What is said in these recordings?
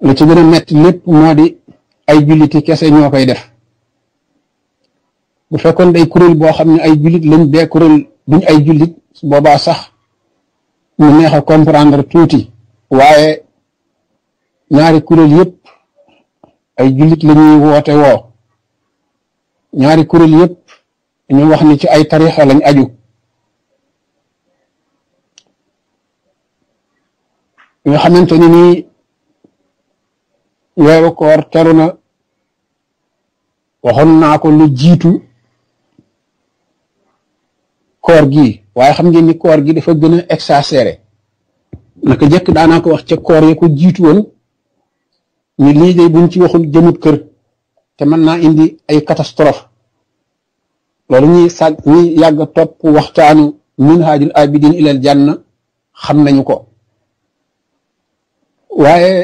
li ci gën a metti lépp moo di ay julliti kese ñoo koy def bu fekkoon day kuréel boo xam ne ay jullit lañ bee kuréel duñ ay jullit boobaa sax ñu neex a comprendre tuuti waaye ñaari kuréel yépp ay jullit lañuy woote woo ñaari kuréel yëpp ñu wax ni ci ay tarixa lañ aju nga xamante nii weeru koor teru na waxoon naa ko lu jiitu koor gi waaye xam ngeen ni koor gi dafa gën a exagéré naka jëkk daanaa wax ca koor ya ko jiitu woon ni lii day buñ ci waxul jëmut kër te mën naa indi ay catastrophe loolu ñuy sàgg ñuy yàgg topp waxtaanu minhajul abidin ilal janna xam nañu ko waaye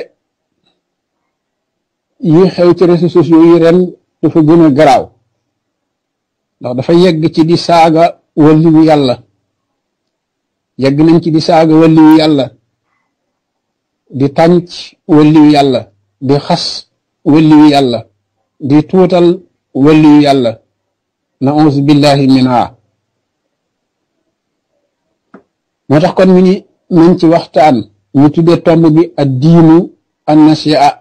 yi xew ci réseaux sociaux yi ren dafa gën garaaw ndax dafa yegg ci di saaga wàlliwu yàlla yegg nañ ci di saaga wàlliwu yàlla di tànc wàlliwu yàlla di xas wàlliwu yàlla di tuutal wàlliwu yàlla na auzu billahi mina moo tax kon ñu nañ ci waxtaan ñu tuddee tomb bi ad diinu an nasiha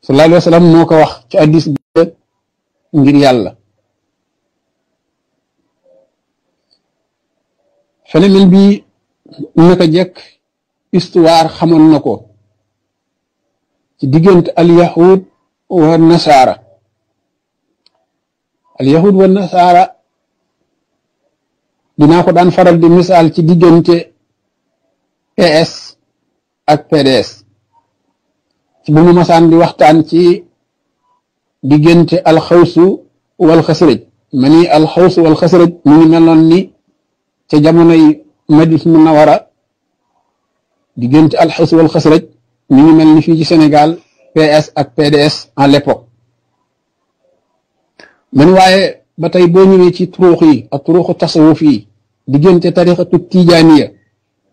sallallahu alayhi wa moo ko wax ci addis ngir yàlla phénomène bi naka jekk histoire xamoon na ko ci diggante al yahud wa nasaara al yahud wa ko daan faral di misaal ci diggante PS ak PDS bu ñu masaan di waxtaan ci diggante alxawsu wal xasrëj ma ni alxawsu wal xasrëj mu ngi meloon ni ca jamonoy madis mu nawara diggante alxawsu wal xasrëj mu ngi mel ni fii ci Sénégal PS ak PDS en l'époque man waaye ba tey boo ñëwee ci turuux yi ak turuuxu tasawuf yi diggante tariqatu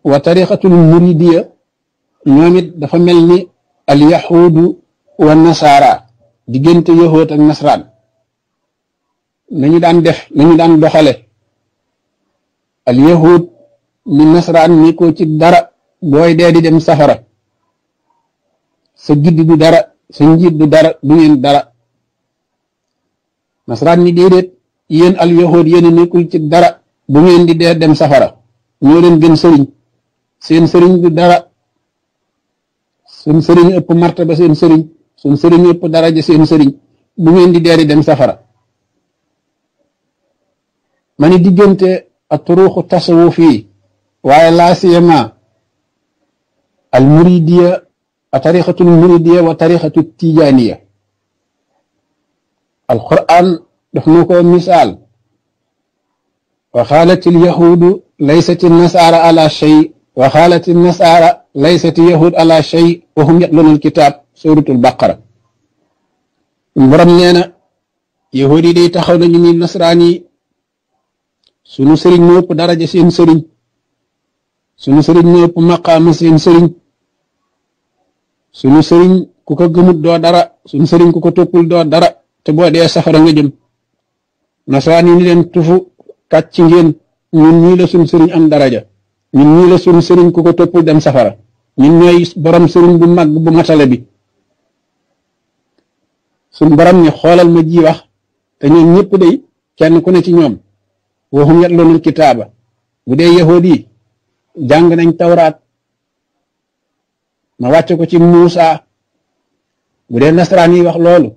wa tariqatul muridiya ñoom dafa mel al yahuudu wa nasaara diggante yahoot ak nasaraan nañu daan def nañu daan doxale al yahuud mi nasaraan ni ko ci dara booy dee di dem safara sa giddi du dara sa njiit du dara du ngeen dara nasaraan ni déedéet yéen al yahuud yéen a nekkul ci dara bu ngeen di dee dem safara ñoo leen gën sëriñ seen sëriñ du dara suñ sëriñ ëpp martaba seen sëriñ suñ sëriñ ëpp daraja seen sëriñ bu ngeen di deeri dem safara mani diggante ak turuuxu tasawuf waaye laa siyama al muridiya a tariqatul muridiya wa tariqatu tijaaniya al quraan daf nu ko misaal wa xaalat al yahuudu laysat nasaara ala shay wa xaalat nasaara laysati yahud ala shay wa hum yatlunul kitaab suratul baqara borom nee na yahud yi day taxaw na ñu ni nasaraan yi sunu sëriñ moo ëpp daraja seen sëriñ sunu sëriñ moo ëpp maqaama seen sëriñ sunu sëriñ ku ko gëmut doo dara sunu sëriñ ku ko toppul doo dara te boo dee safara nga jëm nasaraan yi ni leen tufu kàcc ngeen ñun ñii la sunu sëriñ am daraja ñun ñii la sunu sëriñ ku ko toppul dem safara ñun ñooy borom sëriñ bu mag bu matale bi suñ borom ni xoolal ma ji wax te ñoom ñëpp day kenn ku ne ci ñoom waxum yatloonul kitaaba bu dee yahood jàng nañ tawraat ma wàcce ko ci Muusa bu dee nasaraan yi wax loolu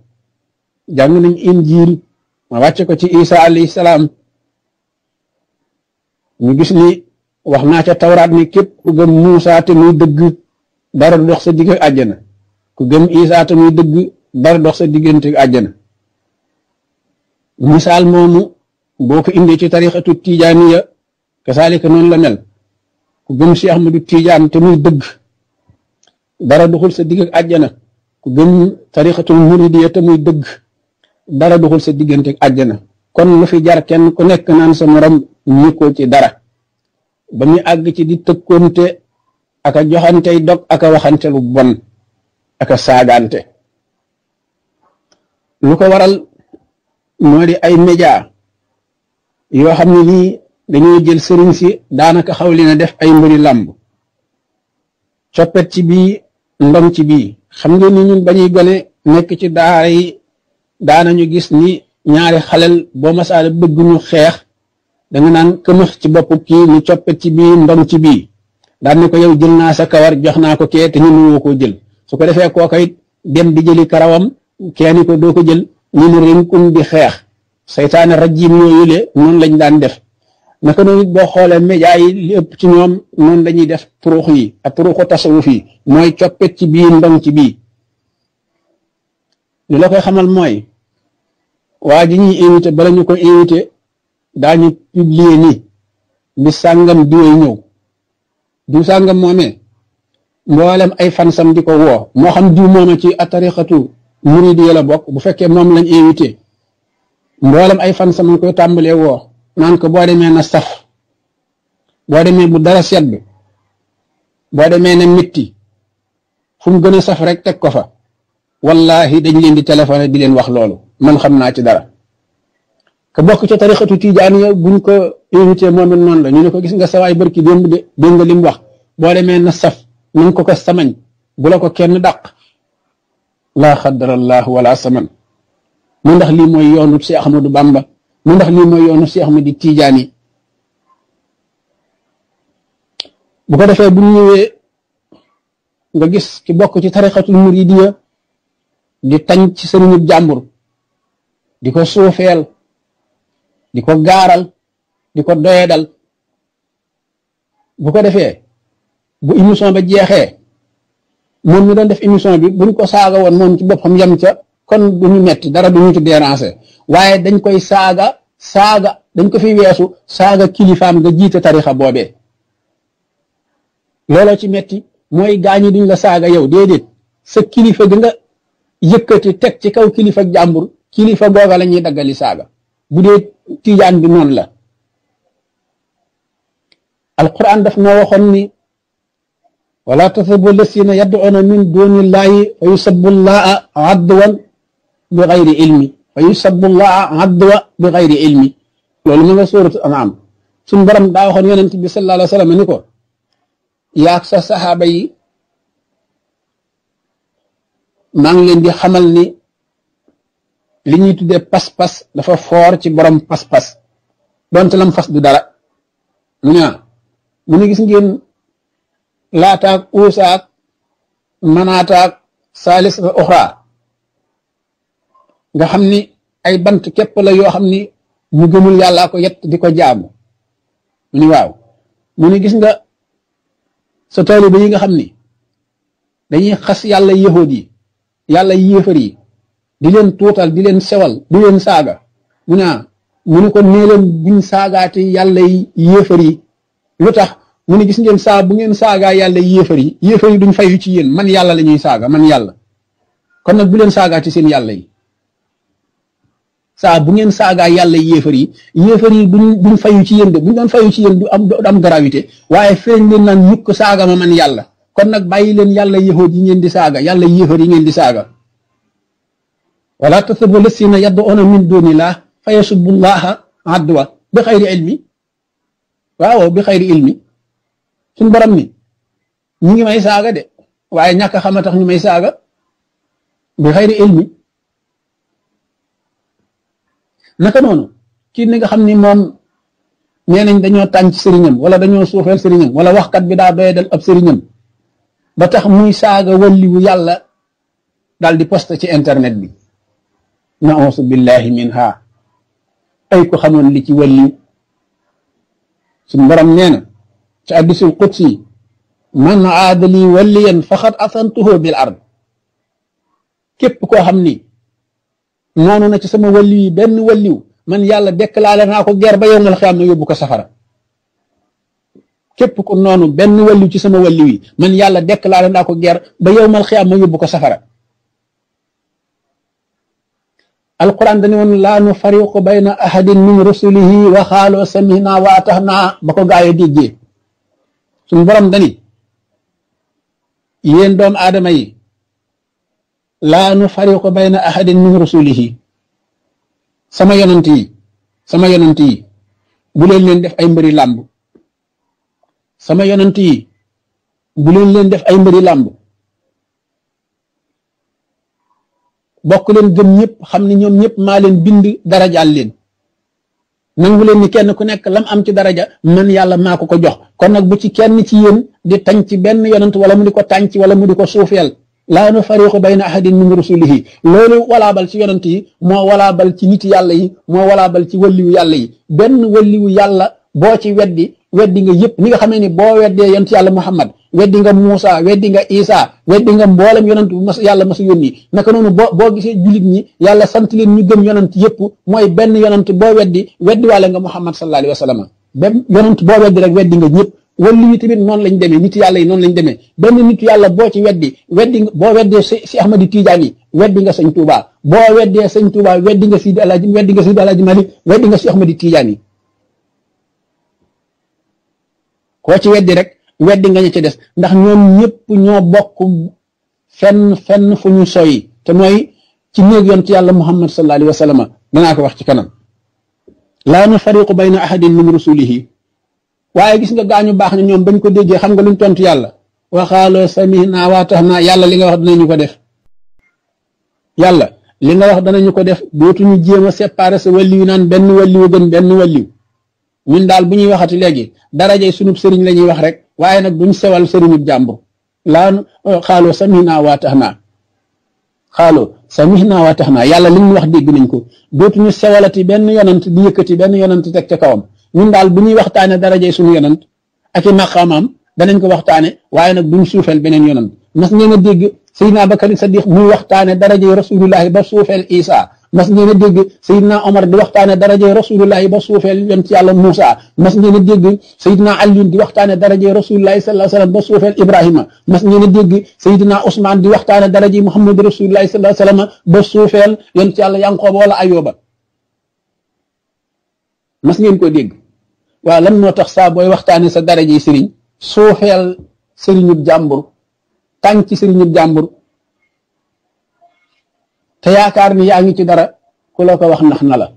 jàng nañ injiil ma wàcce ko ci Isa alayhi salaam ñu gis ni wax naa ca tawraat ni képp ku gëm Muusa te muy dëgg dara dox sa digg àjjana ku gëm Isa muy dëgg dox sa diggante àjjana misaal moomu boo ko indee ci tarixatu tijaaniya kasaalika noonu la mel ku gëm Cheikh Ahmadu Tijaan te muy dëgg dara doxul sa digg àjjana ku gëm tarixatul muy dëgg dara sa diggante àjjana kon lu fi jar kenn ku nekk naan sa morom ñi ko ci dara ba ñu àgg ci di tëkkoonte ak a joxantey dog ak a waxante lu bon ak a lu ko waral moo di ay média yoo xam ne nii dañuy jël sëriñ si daanaka xaw li def ay mbëri làmb coppet ci bii ndom ci bii xam ngeen ni ñun bañuy gone nekk ci daara yi daanañu gis ni ñaari xalel boo masaale bëgg xeex da nga naan këmëx ci bopp kii mu coppe ci bii ndom ci bii daan ko yow jël naa sa kawar jox naa ko kee te ñu nuwoo ko jël su ko defee kooka it dem di jëli karawam kenn ko doo ko jël ñu ne rinkun di xeex seytaane rajim yooyu le noonu lañ daan def naka noonu it boo xoolee média yi li ëpp ci ñoom noonu lañuy def turuux yi ak turuuxu tasawuf yi mooy coppet ci bii ndong ci bii li la koy xamal mooy waa ji ñuy invité bala ñu ko invité daañu publier ni bi sàngam diwee ñëw diw sàngam moomee mboolem ay fansam di ko woo moo xam diw mooma ci atarixatu muridiya la bokk bu fekkee moom lañu invité mboolem ay fansam nga koy tàmbalee woo naan ko boo demee na saf boo demee bu dara sedd boo demee na mitti fu mu gën a saf rek teg ko fa wallahi dañ leen di téléphoné di leen wax loolu man xam naa ci dara ka bokk ca tarixatu tijaaniya buñ ko invité moom it noonu la ñu ne ko gis nga sawaay barki démb de dégg nga lim wax boo demee na saf nañ ko ko samañ bu la ko kenn dàq laa xadarallah wala saman mu ndax lii mooy yoonu si du Bamba mu ndax lii mooy yoonu si Ahmadu Tijaan yi bu ko defee bu ñëwee nga gis ki bokk ci tarixatul muridiya di tañ ci sëriñub jàmbur di ko suufeel di ko gaaral di ko doyedal bu ko defee bu émission ba jeexee moom ñu doon def émission bi buñ ko saaga woon moom ci boppam yem ca kon duñu metti dara du duñu ci déranger waaye dañ koy saaga saaga dañ ko fi weesu saaga kilifaam nga jiite tarixa boobee looloo ci metti mooy gaañu duñ la saaga yow déedéet sa kilifa gi nga yëkkati teg ci kaw kilifa jàmbur kilifa googa la ñuy daggali saaga bu dee tijaan bi noonu la alquran daf na waxoon ni wala tasabu lasina yad'una min duni llahi fa yusabu llaha adwan bi gayri ilmi fa yusabu llaha adwa bi gayri ilmi loolu ma nga suuratu anaam suñ borom daa waxoon yonent bi sallallahu alayhi wa sallam ni ko xamal ni li ñuy tuddee pas-pas dafa foor ci borom pas-pas donte lam fas du dara mu ne mu ne gis ngeen laataak uusaak manaataak saalis a oxra nga xam ni ay bant képp la yoo xam ni ñu gëmul yàllaa ko yett di ko jaamu mu ni waaw mu ni gis nga sa taalibe yi nga xam ni dañuy xas yàlla yahuud yi yàlla yéefar yi di leen tuutal di leen sewal di leen saaga mu ne ah mu ne ko nee saagaate yàlla yi yi lu tax mu ne gis ngeen saa bu ngeen saagaa yàlla yi yi yéefar duñ fayu ci yéen man yàlla la ñuy saaga man yàlla kon nag bu leen saagaate seen yàlla yi saa bu ngeen saagaa yàlla yi yéefar yi yéefar yi duñ duñ fayu ci yéen de buñ doon fayu ci yéen du am du am gravité waaye feeñ leen naan ñukk saaga ma man yàlla kon nag bàyyi leen yàlla yéexoot yi ngeen di saaga yàlla yéefar yi ngeen di saaga wala tasubu lasina yad'una min dunillah fa yasubbu llaha adwa bi xayri ilmi waaw bi xayri ilmi suñ borom ni ñu ngi may saaga de waaye ñàkk xam a tax ñu may saaga bi xayri ilmi naka noonu kii ni nga xam ni moom mee nañ dañoo tànc sëriñam wala dañoo suufeel sëriñam wala waxkat bi daa doyadal ab sëriñam ba tax muy saaga walliwu yàlla daal di poste ci internet bi nausu billahi min ay ko xamoon li ci wàlliw suñ borom nee na ci addisul qudsi man aadali waliyan faxat asantuhu bil ard képp koo xam ni noonu na ci sama wàlliw yi benn wàlliw man yàlla dekk naa ko ger ba yowmal xiyaam na yóbbu ko safara képp ku noonu benn wàlliw ci sama wàlliw yi man yàlla dekk naa ko guerre ba yowmal xiyaam ma yóbbu ko safara alquran dañu woon laa nu fariqu bayna ahadin min rusulihi wa xaaloo samina wa ataxna ba ko gaayo déggee suñ borom dani yéen doom aadama yi laa nu fariqu bayna ahadin min rusulihi sama yonant yi sama yonant yi bu leen def ay mbëri làmb sama yonant yi bu leen def ay mbëri làmb bokk leen gëm ñëpp xam ni ñoom ñëpp maa leen bind darajaal leen nangu leen ni kenn ku nekk lam am ci daraja man yàlla maa ko ko jox kon nag bu ci kenn ci yéen di tañ ci benn yonant wala mu di ko tànc wala mu di ko suufeel laa bay bayna ahadin min rusulihi loolu walaabal ci yonent yi moo walaabal ci nit yàlla yi moo walaabal ci wëlliwu yàlla yi benn wëlliwu yàlla boo ci weddi weddi nga yëpp ni nga xamee ni boo weddee yonent yàlla Muhammad weddi nga Muusa weddi nga Isa weddi nga mboolem yonent bu mas yàlla mas a yónni naka noonu boo boo gisee jullit ñi yàlla sant leen ñu gëm yonent yëpp mooy benn yonent boo weddi weddi waale nga Muhammad sallallahu alayhi wa sallam même yonent boo weddi rek weddi nga ñëpp wàllu yi tamit noonu lañ demee nit yàlla yi noonu lañ demee benn nit yàlla boo ci weddi weddi boo weddee si Ahmadi Tijaani weddi nga sëñ Tuubaa boo weddee sëñ Tuubaa weddi nga Sidi Alaaji weddi nga Sidi Alaaji Malik weddi nga si Ahmadi Tijaani koo ci weddi rek weddi nga ñu ci des ndax ñoom ñëpp ñoo bokk fenn fenn fu ñu soy te mooy ci néeg yoon ci yàlla muhammad sallallahu alayhi wa sallam danaa ko wax ci kanam laa nufariqu bayna ahadin min rusulihi waaye gis nga gaañu baax na ñoom bañ ko déggee xam nga luñ tontu yàlla waxaaloo samina waa tax naa yàlla li nga wax ñu ko def yàlla li nga wax ñu ko def dootuñu jéem a séparé sa wàlliwu naan benn wàlliwu gën benn wàlliw ñun daal bu ñuy waxati léegi darajey sunub sëriñ la ñuy wax rek waaye nag ñu sewal sëriñub jàmbur laan euh, xaaloo samix naa waa tax naa xaaloo samix naa waa tax naa yàlla li ñu wax dégg nañ ko dootuñu sewalati benn yonant di yëkkati benn yonant teg ca kawam ñun daal bu ñuy waxtaane darajey suñu yonant ak i maqaamaam danañ ko waxtaane waaye nag bu buñ suufeel beneen yonant mas ngeen a dégg Seydina Bakari Sadiq muy waxtaane darajey rasulullahi ba suufeel Isa mas ngeen dégg sayidna omar di waxtaane darajey rasulullahi ba suufeel yont yàlla moussa mas ngeen a dégg sayidna aliyun di waxtaane darajey rasulullahi sallallahu alayhi wasallam ba suufeel ibrahima mas ngeen a dégg sayidna ousmane di waxtaane darajey muhammad rasulullahi ba suufeel yont yàlla yanqooba wala ayooba mas ngeen ko dégg waaw lan moo tax saabooy booy waxtaane sa darajey sëriñ suufeel sëriñub jàmbur tànk ci sëriñub jàmbur te yaakaar ni yaa ngi ci dara ku la wax ndax na la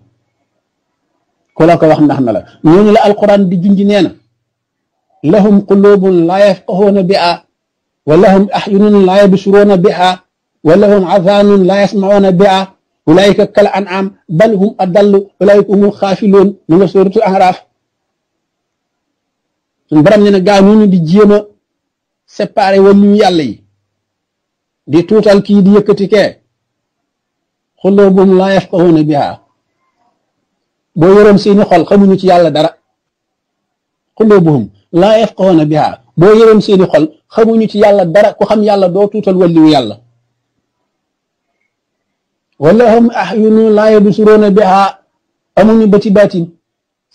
ku la wax ndax na la ñooñu la alquran di junji nee na lahum qulubun laa yafqahuuna biha wa lahum ahyunun laa yabsuruuna biha wa lahum azaanun laa yasmacuuna biha ulaayika kal an'am bal hum adallu ulaayika humul xaafiluun ñu nga sóoratu ahraaf suñ borom ne na di jéem a séparé wàllu yàlla yi di tuutal kii di yëkkati kee xulóobum laa yafqahuuna biha boo yoroon seeni xol xamuñu ci yàlla dara xulóobuhum laa yafqahuuna biha boo yoroon seeni xol xamuñu ci yàlla dara ku xam yàlla doo tuutal walliwu yàlla wala hum ahyunu laa yabsuruuna biha amuñu bëti baatin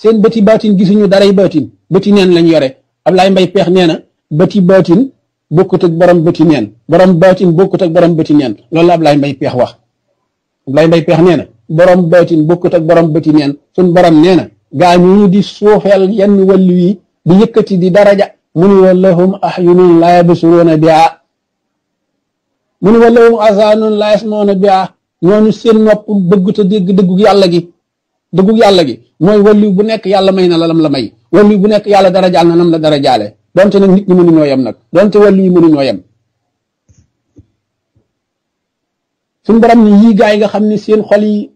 seen bëti baatin gisuñu daray baatin bëti neen lañ yore Ablaye Mbaye Peex nee na bëti baatin bokkut ak borom bëti neen borom baatin bokkut ak borom bëti neen loolu Ablaye Mbaye Peex wax lay mbay peex nee na borom baatin bokkut ak borom bëti neen suñ borom nee na gaa ñu di suufeel yenn wàllu yi di yëkkati di daraja mu ni wa lahum ahyunun laa yabsuruuna biha mu ni wa lahum asaanun laa yasmauuna biha ñooñu seen nopp bëgguta dégg dëggug yàlla gi dëggug yàlla gi mooy wàllu bu nekk yàlla may na la lam la may wàllu bu nekk yàlla darajaal na nam la darajaale donte nag nit ñi mënuñoo yem nag donte wàllu yi mënuñoo yem suñ borom ni yii gaa yi nga xam ni seen xol yi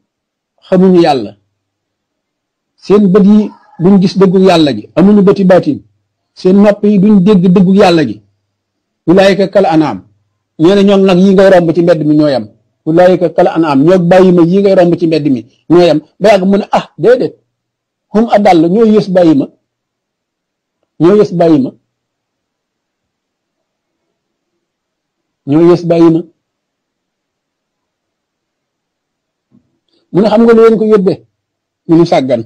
xamuñu yàlla seen bët yi duñ gis dëggu yàlla gi amuñu bëti baatin seen nopp yi duñ dégg dëggu yàlla gi ulaayika kal anaam ñee ne ñoom nag yi ngay romb ci mbedd mi ñooyam ulaayika kal anaam ñoo bàyyi ma yi ngay romb ci mbedd mi ñooyam ba yàgg mu ne ah déedéet hum adall ñoo yës bàyyi ma ñoo yës bàyyi ma ñoo yës bàyyi ma mu ne xam nga lu leen ko yóbbee ñu nu sàggan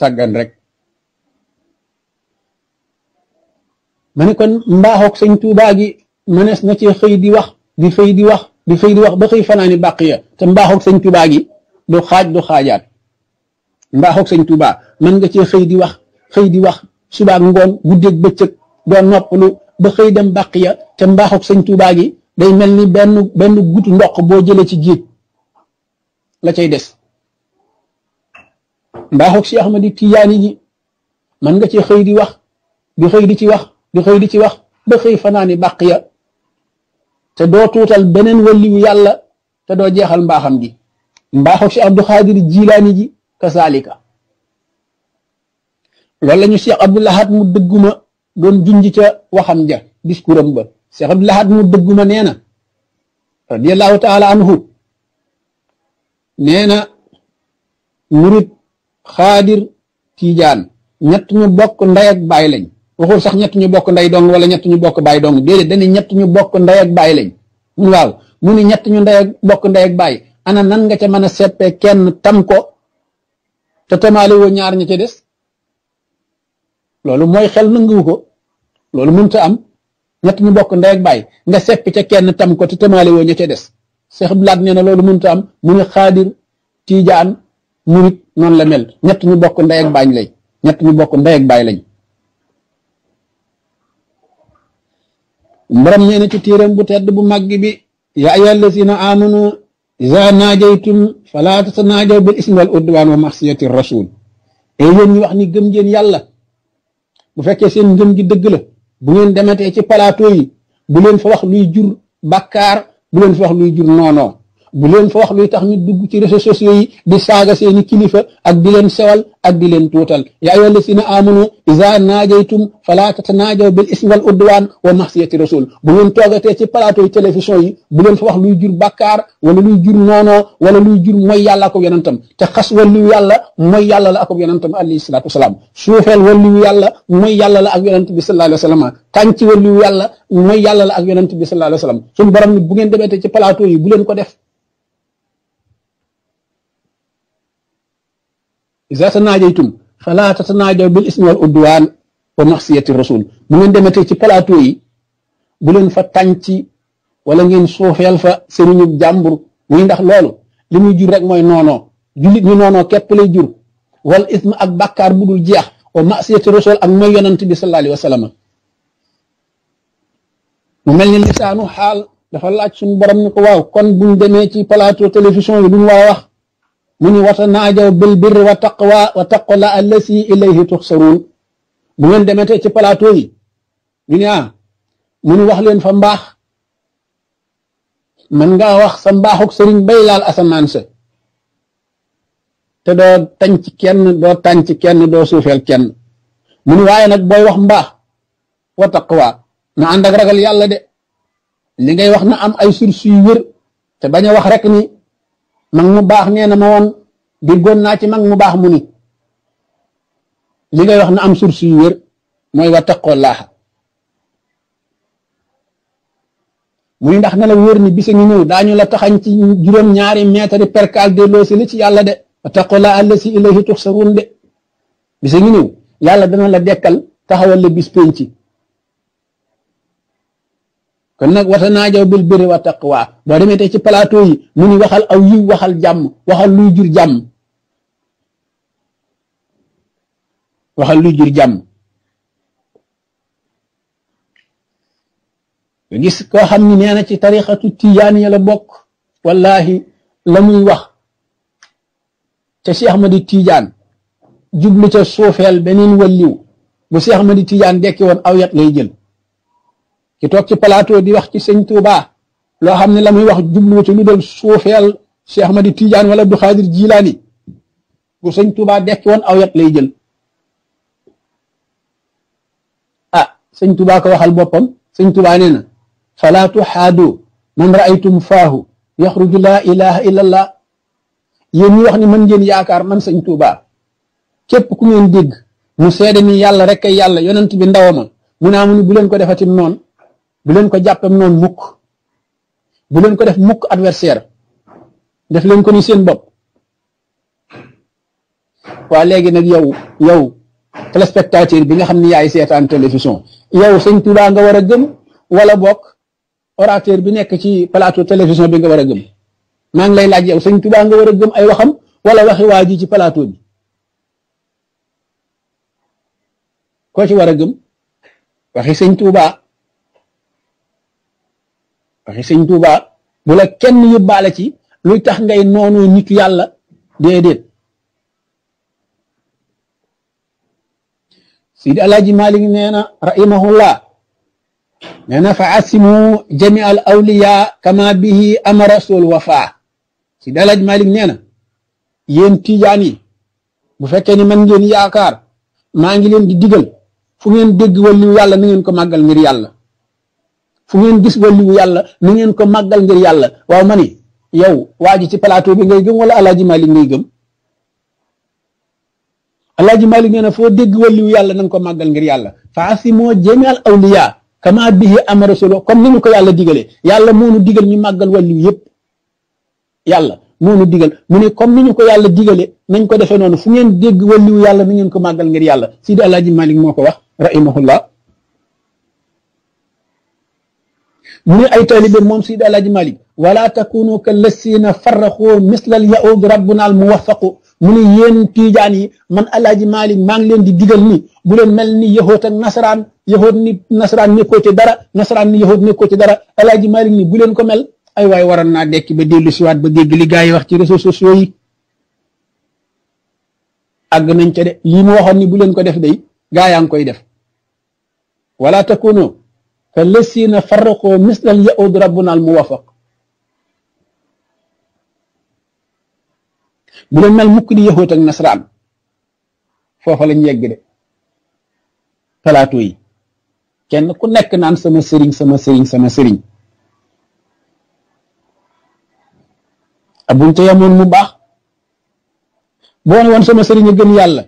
sàggan rek ma ne kon mbaaxoog sëñ Tuubaa gi mënees na cee xëy di wax di xëy di wax di xëy di wax ba xëy fanaani bàq ya te mbaaxoog sëñ Tuubaa gi du xaaj du xaajaat mbaaxoog sëñ mën nga cee xëy di wax xëy di wax subaak ngoon guddeeg bëccëg doo noppalu ba xëy dem bàq ya te mbaaxoog sëñ Tuubaa gi day mel ni benn benn gutu ndox boo jëlee ci géej la cay des mbaaxoog si Ahmadi Tijaani ji mën nga ci xëy di wax di xëy di ci wax di xëy ci wax ba xëy fanaani bàq ya te doo tuutal beneen waliyu yàlla te doo jeexal mbaaxam gi mbaaxoog si Abdu Xaadir Jilaani ji kasaalika loolu la ñu Cheikh Abdou Lahad mu dëgguma doon junj ca waxam ja discours am ba Cheikh Abdou Lahad mu dëgguma nee na radiyallahu taala anhu nee na murit xaadir tiijaan ñett ñu bokk nday ak baay lañ waxul sax ñett ñu bokk nday dong wala ñett ñu bokk baay dong déedéet dañuy ñett ñu bokk nday ak baay lañ waaw mu ni ñett ñu nday ak bokk nday ak baay ana nan nga ca mën a seppee kenn tam ko te tamaale ñaar ña ca des loolu mooy xel nanguwu ko loolu mënta am ñett ñu bokk nday ak baay nga seppi ca kenn tam ko te tamaale woo ña ca des Cheikh Abdou Lahad loolu mënut am mu ne xaadir tiijaan murit noonu la mel ñett ñu bokk ndey ak baañ lañ bokk ndey ak baay lañ mbaram nee ci téeram bu tedd bu màgg bi yaa si allazina amanu iza naajaytum sa tatanaajaw bil ismi wal udwaan wa maxsiyati rasul e eh, yéen ñu wax ni gëm ngeen yàlla bu fekkee seen ngëm gi dëgg la bu ngeen demetee ci plateau yi bu leen fa wax luy jur bàkkaar bu leen fi wax luy jur noonoo bu leen fa wax luy tax ñu dugg ci réseaux sociaux yi di saaga seeni kilifa ak di leen sewal ak di leen tuutal yaa ayyuha alladina amanu iza naajaytum fala tatanaajaw bil ismi wal udwan wa masiyati rasul bu ngeen toogatee ci plateau yi télévision yi bu leen fa wax luy jur bàkkaar wala luy jur noonoo wala luy jur mooy yàlla ak yonentam te xas wàllu yàlla mooy yàlla la ak yonentam alayhi salaatu wasalaam suufeel wàllu yàlla mooy yàlla la ak bi sallallahu la ak yonent bi sallallahu alayhi wasallam ci plateau yi ko def iza tanaajaytum falaa tatanaajaw bil ismi wal udwaan wa maxsiyati rasul mu demee te ci plateau yi bu leen fa tànci wala ngeen suufeel fa sëriñu jàmbur muy ndax loolu li muy jur rek mooy noonoo jullit ñu noonoo képp lay jur wal ism ak bakkaar bu dul jeex wa masiyati rasul ak mooy yonant bi sallallahu alayhi wa mu mel ni lisaanu xaal dafa laaj suñu borom ni ko waaw kon buñ demee ci plateau télévision yi duñ waa wax mu ni watanaajaw bil birri wa taqwa wa taqla allasi ilayhi tuxsaruun bu ngeen demee tey ci plateau yi ñu ne ah mu ni wax leen fa mbaax mën nga wax sa mbaaxuk sëriñ bay laal asamaan sa te doo tànc kenn doo tànc kenn doo suufeel kenn mu ni waaye nag booy wax mbaax wa taqwa na ànd ak yàlla de li ngay wax na am ay sources yu wér te bañ a wax rek ni mag mu baax nee na ma woon déggoon naa ci mag mu baax mu ni li ngay wax na am source yu wér mooy wa taqoo laaxa muy ndax na la wóor ni bisa ngi ñëw daañu la taxañ ci juróom-ñaari mètre percal de loosi la ci yàlla de wa la laa alla si ilayhi tuxsaruun de bisa ngi ñëw yàlla dana la dekkal taxawal la bis penci kon nag wata naajaw bil birri wa taqwa boo demee tey ci plateau mu ni waxal aw yiw waxal jàmm waxal luy jur jàmm waxal luy jur jàmm gis koo xam ni nee na ci tarixatu tiijaan yala bokk wallahi la muy wax ca di Ahmadi Tijaan jublu ca suufeel beneen walliw bu Cheikh Ahmadi Tijaan dekki woon aw yat lay jël ki toog ci plateau di wax ci sëñ Touba loo xam ne la muy wax jublu ci lu dul suufeel ma di Tidiane wala Abdu Xaadir Jilaani bu sëñ Touba dekki woon aw yat lay jël ah sëñ Touba ko waxal boppam sëñ Touba nee na falaa tuxaadu man raaytum faahu yaxruju laa ilaha illa allah yéen mën ngeen yaakaar man sëñ Touba képp ku ngeen dégg mu seede ni yàlla rek ay yàlla yonent bi ma mu naa mu ni bu leen ko defati noonu bu leen ko jàppam noonu mukk bu leen ko def mukk adversaire def leen ko ni seen bopp waa léegi nag yow yow téléspectateur bi nga xam ne yaay seetaan télévision yow sëñ Tuubaa nga war a gëm wala bokk orateur bi nekk ci plateau télévision bi nga war a gëm maa ngi lay laaj yow sëñ Tuubaa nga war a gëm ay waxam wala waxi waa ji ci plateau bi ci war a gëm waxi sëñ Tuubaa waxi sëñ Tuuba bu la kenn yóbbaale ci luy tax ngay noonoo nit yàlla déedéet si Alaaji Malik nee na rahimahullah nee nafa fa asimu jami al awliya kama bihi amara sul wafa Sidi Alaaji Malik nee na yéen bu fekkee ni man ngeen yaakaar maa ngi leen di digal fu ngeen dégg wàllu yàlla nu ngeen ko màggal ngir yàlla fu ngeen gis wàlliwu yàlla na ngeen ko màggal ngir yàlla waaw ma ni yow waa ji ci palaato bi ngay gëm wala alaaji Malik ngay gëm alaaji Malik nee na foo dégg wàlliwu yàlla na ko màggal ngir yàlla faasimoo jami al awliya kama bihi am rasulu comme ni ñu ko yàlla digalee yàlla moonu digal ñu màggal wàlliwu yépp yàlla moonu digal mu ne comme ni ñu ko yàlla digale nañ ko defee noonu fu ngeen dégg wàlliwu yàlla na ngeen ko màggal ngir yàlla Sidi Alaaji Malik moo ko wax rahimahullah mu ay ay taalibe moom Seydi Alaaji Maalik wala takunu ka lasiina farraxu mislal yaud rabbuna al muwaffaqu mu ne yéen tiijaan yi man Alaaji Maalik maa ngi leen di digal ni bu leen mel ni yahoot ak nasaraan yahoot ni nasaraan nekkoo ci dara nasaraan ni yahoot nekkoo ci dara Alaaji Maalik ni bu leen ko mel ay waay waroon naa dekki ba dellu siwaat ba dégg li gaa yi wax ci réseaux sociaux àgg nañ ca mu waxoon ni bu leen ko def day gaa yaa ngi koy def wala takunu فالذين فرقوا مثلا يعود ربنا الموافق bu leen mel mukk di yahoot ak nasaraan foofa lañ yegg de plateau kenn ku nekk naan sama sëriñ sama sëriñ sama sëriñ abuñ ca mu baax boo ne woon sama sëriñ a gën yàlla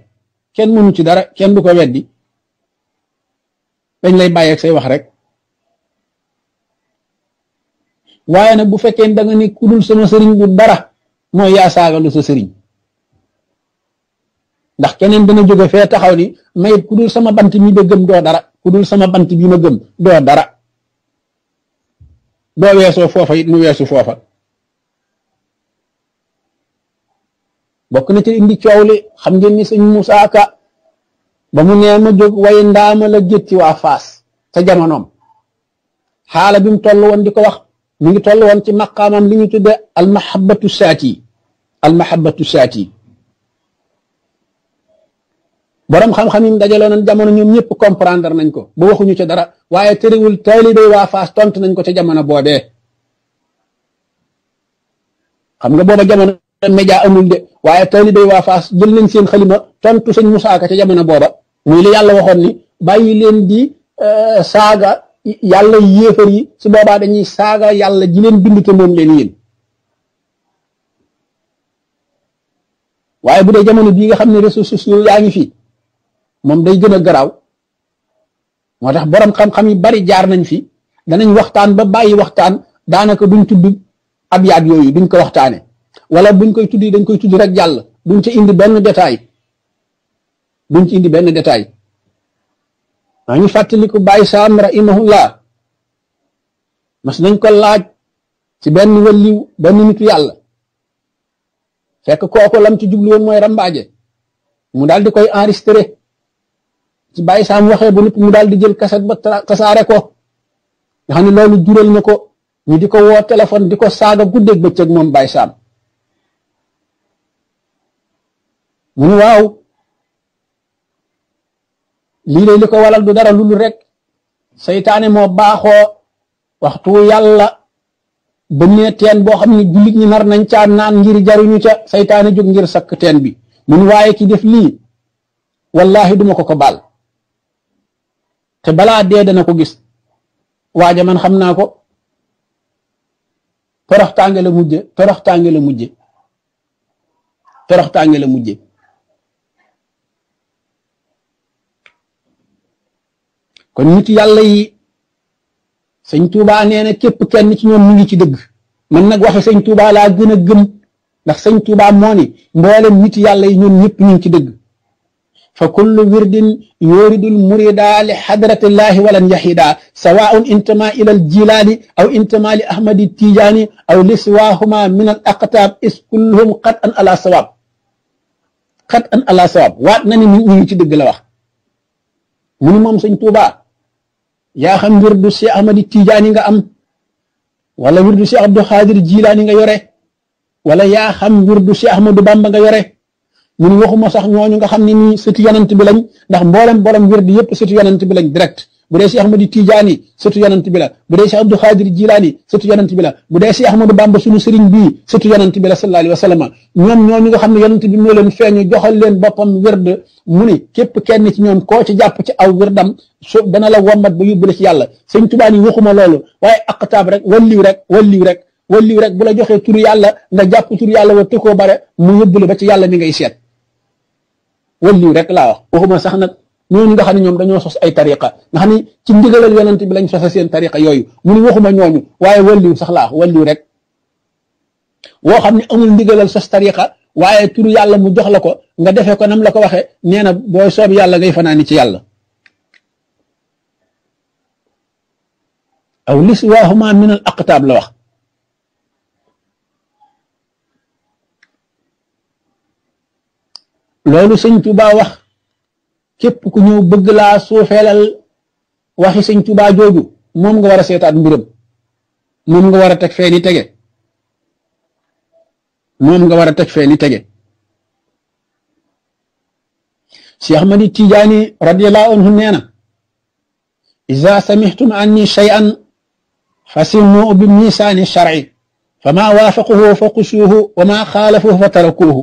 kenn mënu ci dara kenn du ko weddi dañ lay bàyyeeg say wax rek waaye nag bu fekkee da nga ni ku dul sama sëriñ bu dara mooy yaa saagalu sa sëriñ ndax keneen dana jóge fee taxaw ni mayit ku sama bant bi ma gëm doo dara ku dul sama bant bi ma gëm doo dara boo weesoo foofa it mu weesu foofa bokk na ci indi coow xam ngeen ni sëñ Moussa Ka ba mu nee ma jóg way ndaama la jëtti waa Faas ca jamonoom xaala bi mu toll woon di ko wax mi ngi toll woon ci maqaamam li ñu tudde almahabatu saati almahabatu saati borom xam-xam yi dajaloo nañ jamono ñoom ñëpp comprendre nañ ko ba waxuñu ca dara waaye terewul taalibe waa faas tont nañ ko ca jamono boobee xam nga booba jamono média amul de waaye taalibe waa faas jël nañ seen xalima tontu sëñ Musaa Ka ca jamono booba muy li yàlla waxoon ni leen di euh, saaga yàlla yéefar yi su boobaa dañuy saaga yàlla ji leen bind te moom leen yéen waaye bu dee jamono bii nga xam ne réseaux sociaux yaa ngi fi moom day gën a garaaw moo tax borom xam-xam yi bari jaar nañ fi danañ waxtaan ba bàyyi waxtaan daanaka duñ tudd ab yaat yooyu duñ ko waxtaane wala buñ koy tudd dañ koy tudd rek jàll duñ ci indi benn détail duñ ci indi benn détail maa ngi fàttaliku Baye Sam rahimahullah mas nañ ko laaj ci benn wëlliw benn nitu yàlla fekk kooku lam ci jublu woon mooy rambaaje mu daal di koy enregistré ci baysam Sam waxee ba nit mu daal di jël kaset ba ko nga xam ne loolu jural na ko ñu di ko woo téléphone di ko saaga guddeeg bëccëg moom Baye Sam waaw lii lay li ko walal du dara lulu rek seytaane moo baaxoo waxtu yàlla ba nee boo xam ne jullit ñi nar nañ caa naan ngir jariñu ca seytaane jóg ngir sakk teen bi mun waaye ki def lii wallahi duma ko ko baal te balaa dee dana ko gis waaja man xam naa ko toroxtaange la mujje toroxtaange la mujje toroxtaange la mujje kon nit yàlla yi sëñ Touba nee na képp kenn ci ñoom mu ngi ci dëgg man nag waxe sëñ Touba laa gën a gëm ndax sëñ Touba moo ne mboolem nit yàlla ñu ñoom ñëpp ñu ci dëgg fa kullu wirdin yuridul murida li xadratillahi walan yaxida sawaun intama ila al jilaani aw intama li ahmadi tijaani aw liswaahuma min al aqtaab is kulluhum qat an ala sawaab waat na ni ñu ci dëgg la wax mu moom sëñ Tuuba yaa xam wirdu Cheikh Ahmadi Tijaani nga am walla wala wirdu Cheikh Abdou Xaadir Jilaani nga yore wala yaa xam wirdu Cheikh Ahmadou Bamba nga yore ñun waxuma sax ñooñu nga xam ni nii sëtu yonent bi lañ ndax mboolem mboolem wirdu yëpp sëtu yonent bi lañ direct bu dee Cheikh Ahmadu Tijaani sëtu yonent bi la bu dee Cheikh Abdou Xaadir Jilaani sëtu yonent bi la bu dee Cheikh Ahmadu Bamba sunu sëriñ bii sëtu yonent bi la sallallahu alayhi wa sallam ñoom ñooñu nga xam ne yonent bi moo leen feeñu joxal leen boppam wérd mu ni képp kenn ci ñoom koo ci jàpp ci aw wérdam su dana la wommat ba yóbbu la ci yàlla sëñ Tubaa ni waxuma loolu waaye aqtaab rek walliw rek walliw rek walliw rek bu la joxee tur yàlla nga jàpp tur yàlla wa tëkkoo bare mu yóbbu la ba ci yàlla mi ngay seet walliw rek laa wax waxuma sax nag ñooñu nga xam ne ñoom dañoo sos ay tariqa nga xam ne ci ndigalal yonent bi lañ sosa seen tariqa yooyu mu ni waxuma ñooñu waaye walliw sax laa walliw rek woo xam ne amul ndigalal sos tariqa waaye turu yàlla mu jox la ko nga defee ko nam la ko waxee nee na booy soob yàlla ngay fanaani ci yàlla aw lis waaxuma min al aqtaab la wax loolu sëñ Tuubaa wax képp ku ñëw bëgg laa suufeelal waxi sëñ Tuubaa jooju moom nga war a seetaat mbiram moom nga war a teg fee ni tege moom nga war a teg fee ni tege si Ahmadi Tijaani radiyallahu anhu nee na iza samihtum anni shay'an fasimu bi misaani shar'i fama waafaqahu faqisuhu wa ma xaalafahu fatarakuhu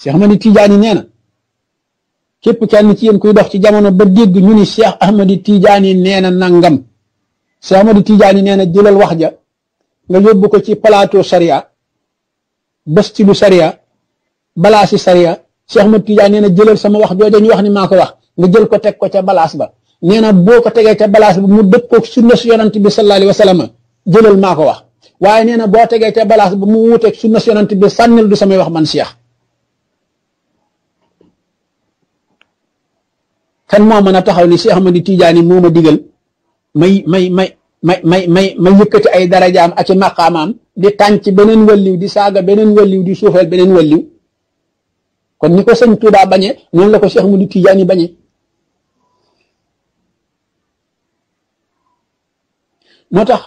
si Ahmadi Tijaani nee na képp kenn ci yéen kuy dox ci jamono ba dégg ñu ni Cheikh Ahmadi Tidiane nee na nangam Cheikh Ahmadi Tidiane nee na jëlal wax ja nga yóbbu ko ci plateau Sharia bés ci lu Sharia balaa si Sharia Cheikh Ahmadi Tidiane nee na jëlal sama wax jooja ñu wax ni maa ko wax nga jël ko teg ko ca balaas ba nee na boo ko tegee ca balaas ba mu dëppoo sunna si yonant bi sallallahu alayhi wa jëlal maa ko wax waaye nee na boo tegee ca balaas ba mu wuuteeg sunna si yonant bi sànnil du samay wax man Cheikh. kan moo mën a taxaw ni Cheikh Ahmadi Tidiane moo a digal may may may may may may may yëkkati ay darajaam ak i maqaamaam di tànc beneen wàlliw di saaga beneen wàlliw di suufeel beneen wàlliw kon ni ko sëñ Touba bañe noonu la ko Cheikh di Tidiane bañe moo tax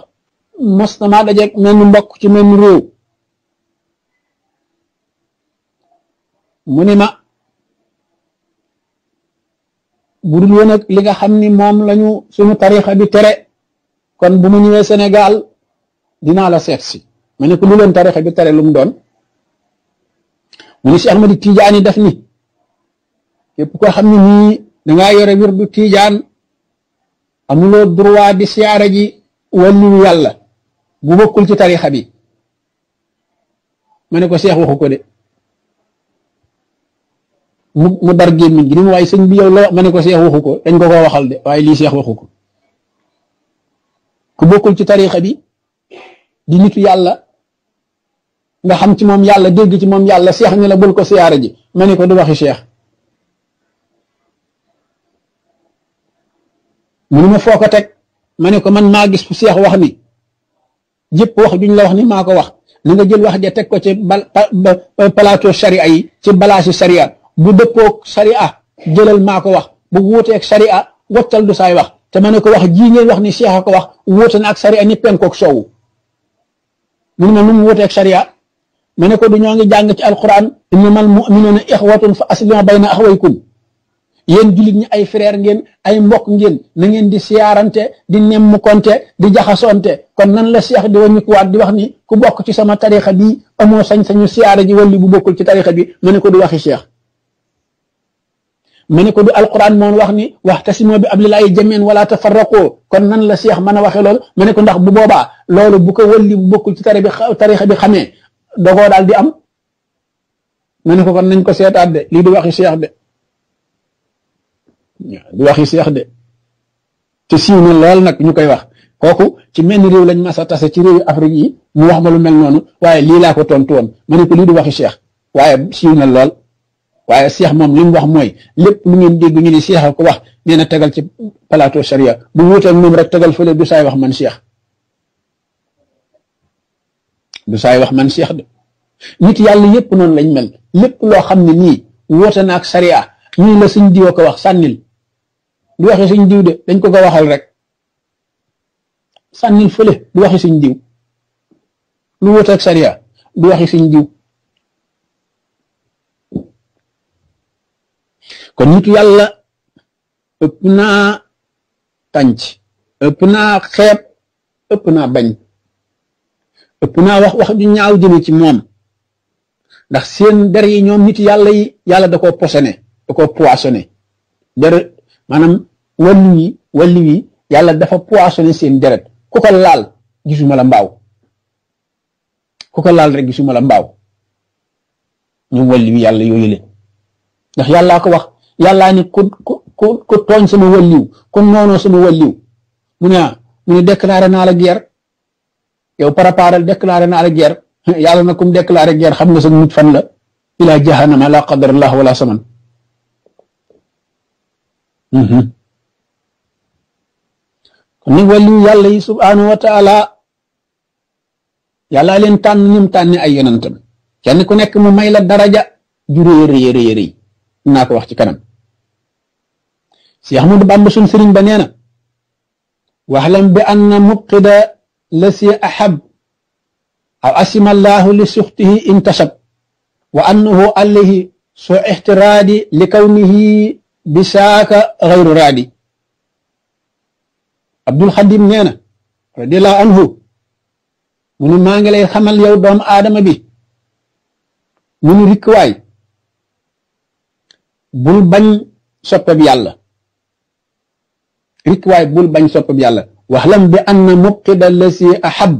mos na maa dajeeg menn mbokk ci menn réew mu ni ma bu dul li nga xam ni moom lañu suñu tarixa bi tere kon bu ma ñëwee Sénégal dinaa la seet si ma ne lu leen tarixa bi tere lum doon mu ni si Ahmadi Tijaani def ni képp koo xam ne nii dangaa yore wirdu Tijaan amuloo droit di siyaara ji wàllu yàlla bu bokkul ci tarixa bi ma ne ko seex waxu ko de mu mu dar gémmiñ gi ni mu waaye sëñ bi yow la ma ne ko seex waxu ko dañ ko ko waxal de waaye lii seex waxu ko ku bokkul ci tariixa bi di nitu yàlla nga xam ci moom yàlla dégg ci moom yàlla seex ni la bul ko siyaara ji ma ne ko du waxi seex munu ma foo ko teg ma ne ko man maa gis fu seex wax ni jëpp wax juñ la wax ni maa ko wax na nga jël wax ja teg ko ci bal plateau sharia yi ci balaasi sharia bu dëppoog sariya jëlal maa ko wax bu wuuteeg sariya wattal du saay wax te ma ne ko wax jii ngeen wax ni seex a ko wax wuute na ak sariya ni penkoog soowu mu ma nu mu wuuteeg sariya ma ne ko du ñoo ngi jàng ci alxuraan man mu alquran innamal mu'minuuna ixwatun fa na bayna axwaykum yéen jullit ñi ay frère ngeen ay mbokk ngeen na ngeen di siyaarante di nemm konte di jaxasoonte kon nan la seex di waññukuwaat di wax ni ku bokk ci sama tarixa bi amoo sañ-sañu siyaara ji walli bu bokkul ci tarixa bi ma ne ko du waxi seex ma ne ko du alquran moom wax ni waxtasimoo bi ablilahi jameen wala tafarraqoo kon nan la seex mën a waxee loolu ma ne ko ndax bu boobaa loolu bu ko wëlli bu bokkul ci tari bi tarixa bi xamee dogoo daal di am ma ne ko kon nañ ko seetaat de lii du waxi seex de du waxi seex de te siiw na lool nag ñu koy wax kooku ci menn réew lañ masa a tase ci réewi Afrique yi mu wax ma lu mel noonu waaye lii laa ko tontu woon ma ne ko lii du waxi seex waaye siiw na lool waaye seex moom li wax mooy lépp lu ngeen dégg ñu ne seex a ko wax nee a tegal ci plateau sharia bu wuuteeg moom rek tegal fële du saay wax man seex du saay wax man seex de nit yàlla yépp noonu lañ mel lépp loo xam ne nii woote na ak sharia ñii la suñ ko wax sànnil du waxi suñ diw de dañ ko ko waxal rek sànnil fële du waxi suñ diw lu wuuteeg sharia du waxi suñ diw kon nitu yàlla ëpp naa tànc ëpp naa xeeb ëpp naa bañ ëpp naa wax wax ju ñaaw jëme ci moom ndax seen der yi ñoom nitu yàlla yi yàlla da koo posone da koo poissonné der maanaam wàllu yi wàllu yi yàlla dafa poissonné seen deret ko laal gisuma la mbaaw ku ko laal rek gisuma la mbaaw ñoom wàllu yi yàlla ndax yàllaa ko wax yàllaa ni ku ku ku tooñ sama wàlliw ku noonoo sama wàlliw mu ne mu ne naa la guerre yow préparé déclaré naa la guerre yàlla na kum déclaré guerre xam nga sa mujj fan la ilaa jahannama laa qadar allah wala saman mhm. kon ni wàlliw yàlla yi subhaanahu wa taala leen tànn ni mu tànn ay yonantam kenn ku nekk mu may la daraja ju rëy rëy rëy naa ko wax ci kanam si Ahmadu Bamba sun sëriñ ba nee na waxlam bi anna muqida la si ahab aw asima allahu li suxtihi intasab wa annahu alayhi su ixtiraadi li kawnihi bi saaka xayru raadi Abdul Xadim nee na radiallahu anhu mu ne maa ngi lay xamal yow doomu aadama bi mu nu rikk waay bul bañ soppe bi yàlla rik waaye bul bañ soppab yàlla waxlam bi anna mubqida lasi ahab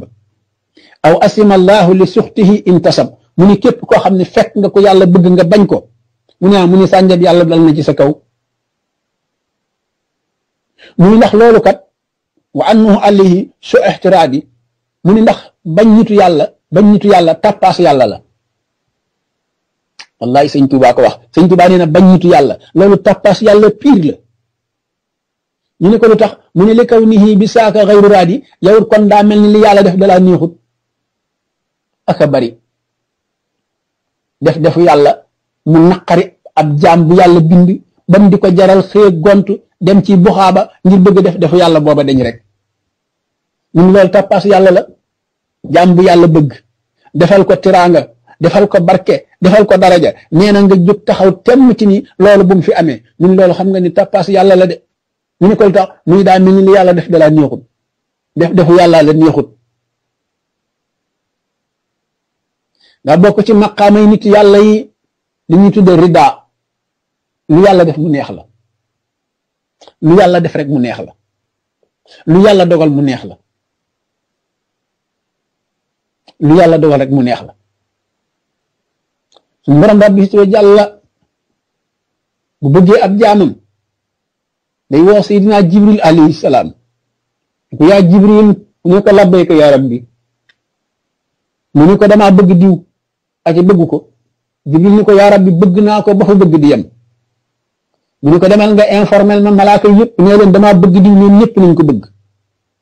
aw asima allahu li suxtihi intasab mu ni képp koo xam ne fekk nga ko yàlla bëgg nga bañ ko mu ne ah mu ni yàlla dal na ci sa kaw mu ni ndax loolu kat wa annahu alayhi su ixtiraadi mu ndax bañ nitu yàlla bañ nitu yàlla tappaas yàlla la wallahi sëñ Tuubaa ko wax sëñ Tuubaa nee na bañ nitu yàlla loolu tappaas yàlla piir la ñu ne ko lu tax mu ne li kaw nihi bi saaka xayru raadi yawut kon daa mel ni li yàlla def dalaa neexut ak a bari def defu yàlla mu naqari ab jaam bu yàlla bind bam di ko jaral xëy gont dem ci buxaaba ngir bëgg def defu yàlla booba dañ rek ñun loolu tappaas yàlla la jaam bu yàlla bëgg defal ko tiraanga defal ko barke defal ko daraja nee na nga jóg taxaw temm ci ni loolu bu mu fi amee ñun loolu xam nga ni tappaas yàlla la de ñu ne ko tax mu daa mel ni yàlla def dalaa neexut def defu yàlla la neexut daa bokk ci maqaamay nit yàlla yi li ñuy tudde rida lu yàlla def mu neex la lu yàlla def rek mu neex la lu yàlla dogal mu neex la lu yàlla dogal rek mu neex la suñu borom rabbi si jàlla bu bëggee ab jaamam day woo Seydina Jibril alayhi salaam ko yaa Jibril mu ne ko labbayka yaa rabbi mu ne ko damaa bëgg diw aca bëgg ko Jibril ni ko yaa bëgg naa ko ba fa bëgg di yem ko demal nga informel ma malaaka yëpp nee leen damaa bëgg diw ñoom ñëpp nañ ko bëgg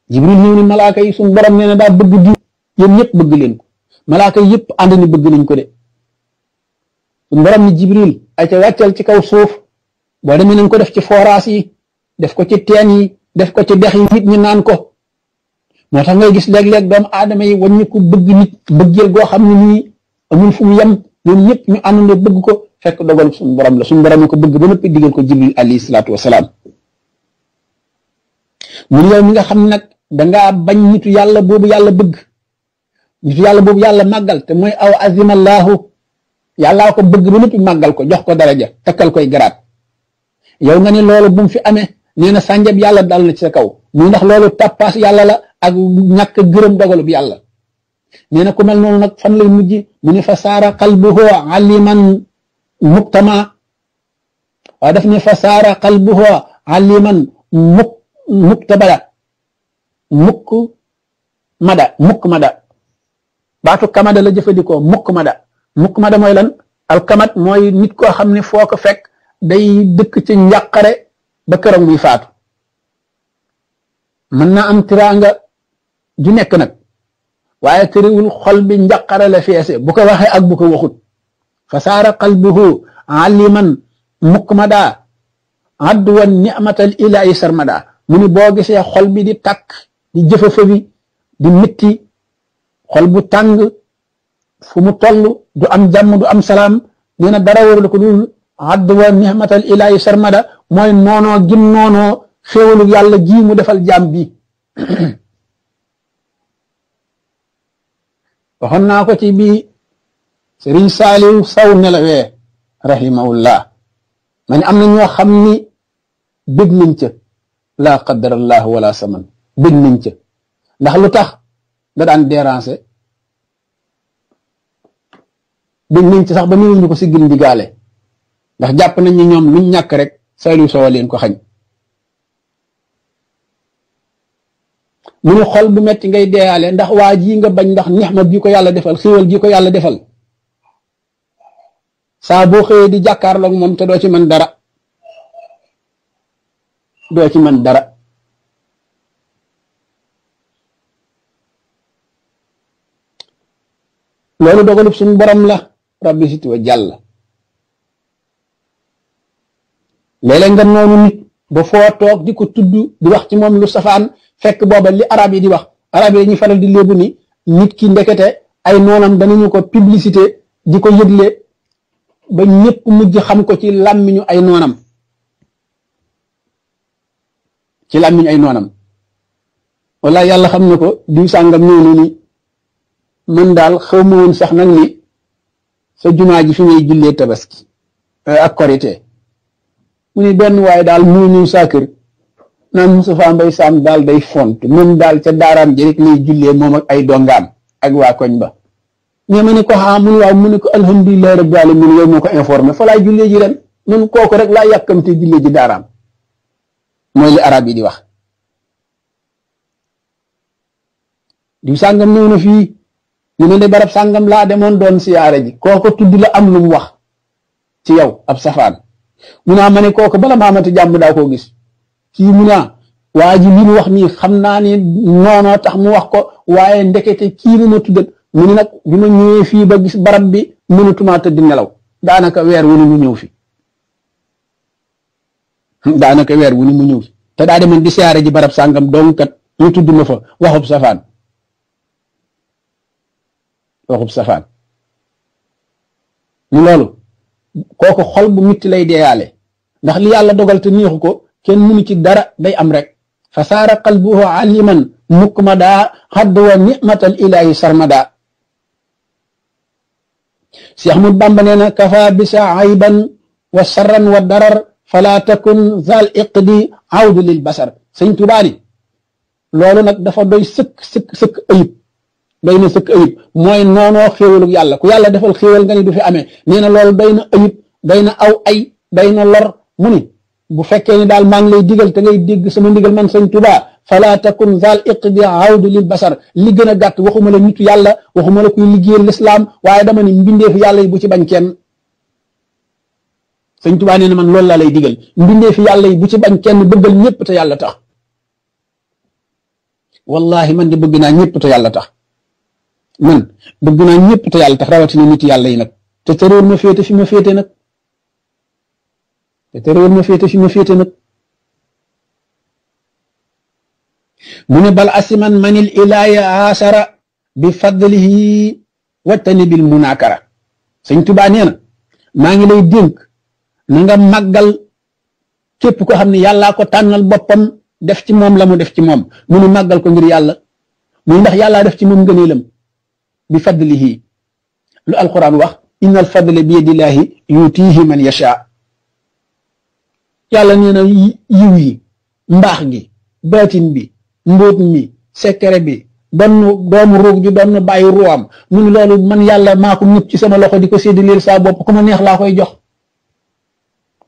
Jibril ñëw ni malaaka yi suñu borom nee na daa bëgg diw yéen ñëpp bëgg leen ko malaaka yëpp ànd ni bëgg nañ ko de suñu borom ni Jibril aca wàccal ci kaw suuf boo demee nañ ko def ci foraas yi def ko ci teen yi def ko ci dex yi nit ñi naan ko moo tax ngay gis léeg-léeg doomu aadama yi waññi ko bëgg nit bëggeel goo xam ne nii amul fu mu yem ñoom ñëpp ñu àndandoo bëgg ko fekk dogal suñu borom la suñu borom ko bëgg ba noppi digal ko jibril alayhi salaatu wasalaam mun yow mi nga xam nag dangaa bañ nitu yàlla boobu yàlla bëgg nitu yàlla boobu yàlla màggal te mooy aw azimallahu yàllaa ko bëgg ba noppi màggal ko jox ko daraja takkal koy garaat yow nga ne loolu mu fi amee nee na sànjab yàlla dal na ci sa kaw mu ndax loolu tappaas yàlla la ak ñàkk gërëm dogalu bi yàlla nee na ku noonu nag fan lay mujj mu fa saara qalbuhu aliman muktama waaye daf ne fa saara qalbuhu aliman muk muktabada mukk mada mukk mada baatu kamada la jëfandikoo mukk maa mukk mada mooy lan alkamat mooy nit koo xam ne foo ko fekk day dëkk ci njàqare ba këram muy faatu mën na am tiraanga ju nekk nag waaye tëriwul xol bi njaqara la feese bu ko waxee ak bu ko waxut fasaara qalbuhu aliman mukmadaa adduwan ni'matal ilaahi sarmadaa mu ni boo gisee xol bi di takk di jëfafëbi di mitti xol bu tàng fu mu toll du am jàmm du am salaam nee dara wër la dul addu wa nihmatal ilaahi sarmada mooy noonoo gin noonoo xéewalu yàlla ji mu defal jaam bi waxoon naa ko ci bii sëriñ saaliw saw nelawee rahimahullah man am na ñoo xam ni bég nañ ca laa qadarallah wala saman bég ca ndax lu tax da daan déranger bég nañ ca sax ba mënuñu ko si gin ndax jàpp nañ ni ñoom lu ñàkk rek Saliou Sow leen ko xañ mu ne xol bu metti ngay deeyaale ndax waa jii nga bañ ndax nixma bi ko yàlla defal xéwal gi ko yàlla defal saa boo xëyee di jàkkaarloog moom te doo ci mën dara doo ci mën dara loolu dogalub suñu borom la rabbi sit wa jàll léeg-léeg nga noonu nit ba foo di ko tudd di wax ci moom lu safaan fekk booba li arab yi di wax arab yi dañuy faral di léebu ni nit ki ndekete ay noonam danañu ko publicité di ko yëgle ba ñëpp mujj xam ko ci làmmiñu ay noonam ci làmmiñu ay noonam wala yàlla xam na ko diw sàngam ñëw ni man daal xaw ma woon sax nag ni sa jumaa ji fi ngay jullee tabaski euh, ak korite mu ni benn waaye daal mu ñëw saa kër naan Moustapha Mbaye Sam daal day font moom daal ca daaraam ji rek lay jullee moom ak ay dongaam ak waa koñ ba mais ma ne ko ah mun waaw mu ne ko alhamdulilah rabbil alamin yow moo ko informé fa laay jullee ji ren nun kooku rek laa yàkkamte jullee ji daaraam mooy li arab yi di wax diw sàngam ñëw na fii ñu ni ne barab sàngam laa demoon doon siyaare ji kooku tudd la am lu mu wax ci yow ab safaan mu naa ma ne kooku bala maa amati jàmm daa koo gis kii mu naa waa ji wax nii xam naa ni noonoo tax mu wax ko waaye ndekete kii mu ma tuddal mu ni nag bi fii ba gis barab bi mënatumaa tëdd nelaw daanaka weer wu mu ñëw fi daanaka weer wu mu ñëw fi te daa demoon di siyaare ji barab sàngam dong kat ñu tudd fa waxub safaan waxub safaan mu loolu kooku xol bu mitti lay deeyaale ndax li yàlla dogal te neexu ko kenn munu ci dara day am rek fa saara qalbuhu aliman mukmadaa xadd wa nicmatal ilaahi sarmadaa si ahmad bamba nee na kafa bisa ayban wa sarran wa darar fala takun zal iqdi awdu lil basar sëñ tubaani loolu nag dafa doy sëkk sëkk sëkk ayib bay na sëkk ayib mooy noonoo xéewalu yàlla ku yàlla defal xéewal nga ni du fi amee nee na bay na ayib bay na aw ay bay na lor mu ni bu fekkee ni daal maa ngi lay digal ta ngay dégg sama ndigal man sëñ Tuubaa fala takun zal iqdi hawdu lil basar li gën a gàtt waxuma la nitu yàlla waxuma la kuy liggéeyal lislaam waaye dama ne mbindeefu yàlla bu ci bañ kenn sëñ Tuubaa nee man loolu laa lay digal mbindeefu yàlla yi bu ci bañ kenn bëggal ñëpp te yàlla tax wallahi man di bëgg naa ñëpp yàlla tax man bu naa ñëpp te yàlla tax rawatina nit yàlla yi nag te tereewul ma féete fi ma féete nag te féete fi ma féete nag mu ne bal asiman manil ilaaya asara bi fadlihi wattani bil munakara sëñ tubaa nee maa ngi lay dénk na nga màggal képp ko xam ne yàllaa ko tànnal boppam def ci moom la mu def ci moom mu nu màggal ko ngir yàlla muy ndax yàllaa def ci moom ngëneelam bi fadlihi lu alquran wax inna al fadle bi yadillahi yutihi man yasha yàlla nee na yiw mbaax gi baatin bi mbóot mi secret bi doon doomu ruug ji doon bàyyi ruwaam mu ngi loolu man yàlla maa ko ñëpp ci sama loxo di ko séddaleel saa bopp ku ma neex laa koy jox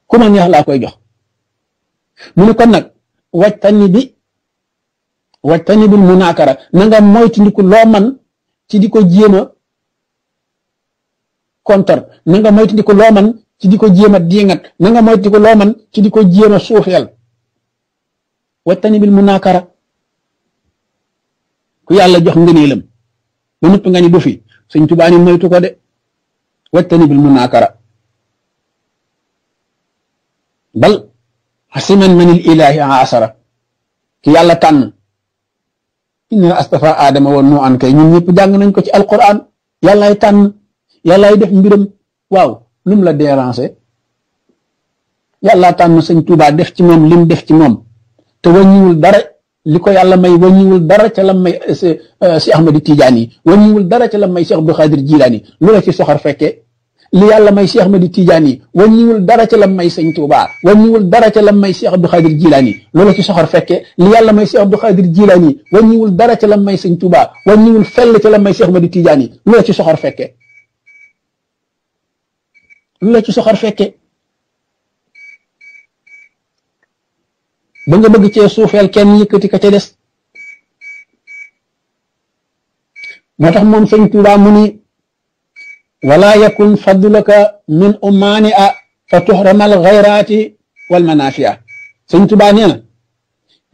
ku ma neex laa koy jox mu ne kon nag wajtani bi wajtani bil munaakara na nga moytandiku loo ci di ko jéema a kontar na nga moytandiku loo man ci di ko jéem a diingat na nga moytandiku loo man ci di ko jéem a suufeel wattani bil munaakara ku yàlla jox ngëneelam ba noppi nga ni du fi Sëñ Tuubaa ni moytu ko de wattani bil munaakara bal xasiman manil ilaahi asara ki yàlla tànn inna astafa adama wa nu an kay ñun ñëpp jàng nañ ko ci alquran yàllaay tànn yàllaay def mbiram waaw lu la déranger yàllaa tànn sëñ Tuubaa def ci moom lim def ci moom te wàññiwul dara li ko yàlla may wàññiwul dara ca la may si eh, Ahmadi Tijaani yi wàññiwul dara ca la may si Abdu Xaadir Jilaani lu la ci soxor fekkee li yàlla may Cheikh Ahmadi Tidiane yi wàññiwul dara ca lam may sëñ Touba wàññiwul dara ca lam may Cheikh Abdou Khadir Jilani yi loola ci soxor fekkee li yàlla may Cheikh Abdou Khadir Jilani yi wàññiwul dara ca lam may sëñ may Cheikh Ahmadi Tidiane yi loola ci soxor fekkee loola ci soxor fekkee ba nga bëgg cee suufeel kenn yëkkati ka ca des moo tax moom sëñ Touba mu ni wala yakun fadluka min umaani a fa tuxramal xayraati wal manafia sëñ tubaa nee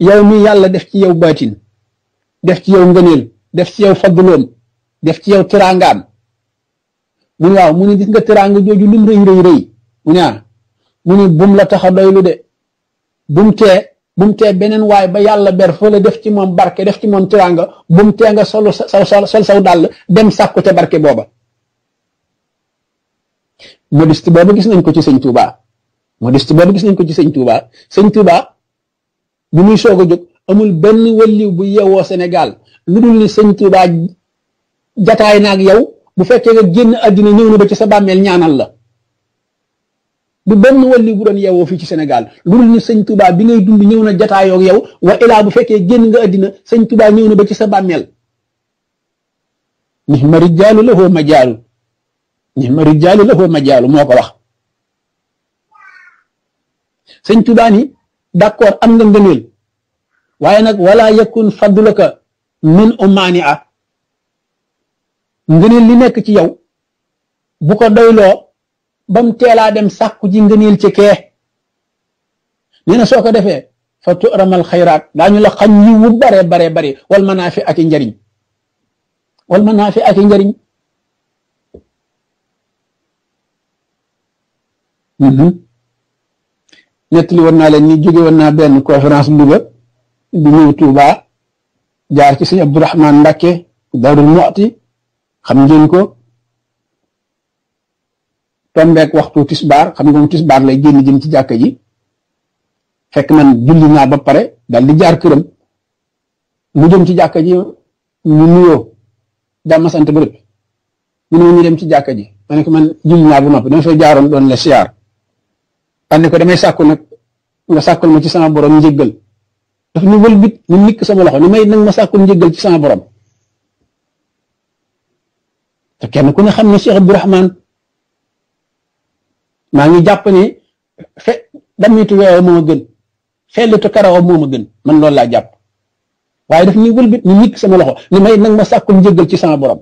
na mi yàlla def ci yow baatin def ci yow ngëneel def ci yow fadloom def ci yaw tiraangaam mu ne waaw mu ne gis nga jooju lum rëy rëy rëy mu ne ah bum la tax a doylu de bum tee bum beneen waay ba yàlla ber fa la def ci moom barke def ci moom tiraanga bum tee nga solu sa sol saw dàll dem sàkku te barke booba modeste boobu gis nañ ko ci sëñ Touba modeste boobu gis nañ ko ci sëñ Touba sëñ Touba bu muy soog a jóg amul benn wëlliw bu yeewoo senegal lu dul ni sëñ Touba jataay na ak bu fekkee nga génn àddina ñëw na ba ci sa bàmmeel ñaanal la bu benn wëlliw bu doon yeewoo fii ci Sénégal lu dul ni sëñ ngay dund ñëw na jataayoo yow wa ilaa bu fekkee génn nga àddina sëñ Touba ñëw na ba ci sa bàmmeel. nihma rijaalu lahoo majaalu ma rijaali la foo majaalu moo ko wax sëñ Tuubaa ni am nga ngëneel waaye nag wala yakun fadluka min umaani a ngëneel li nekk ci yow bu ko doyloo ba mu teelaa dem sàkku ji ngëneel ci kee nee na soo ko defee fa turamal xayraat daañu la xañ yiwu bare bare bare wal manaafi ak i njariñ wal manaafi ak i njariñ Mhm. nettali woon naa leen ni jóge woon naa benn conférence Louga di ñëw Touba jaar ci sëñ Abdourahman Mbacke Darul Mu'ti xam ngeen ko tombeek waxtu tisbaar xam nga moom tisbaar lay génn jëm ci jàkka ji fekk man julli naa ba pare dal di jaar këram mu jëm ci jàkka ji mu nuyoo jàmm sant bërëb ñu ne ñu dem ci jàkka ji ma ne ko man julli naa ba noppi dama fay jaaroon doon la siyaar daan ne ko damay sàkku nag nga sàkkul ma ci sama borom njëggal daf ñu wëlbit mu nikk sama loxo ni may nag ma sàkkul njëggal ci sama borom te kenn ku ne xam ne Cheikh Abdourahman maa ngi jàpp ne fe damitu weewa moo ma gën xellitu karawa moo ma gën man loolu laa jàpp waaye daf ñu wëlbit mu nikk sama loxo ni may nag ma sàkkul njëggal ci sama borom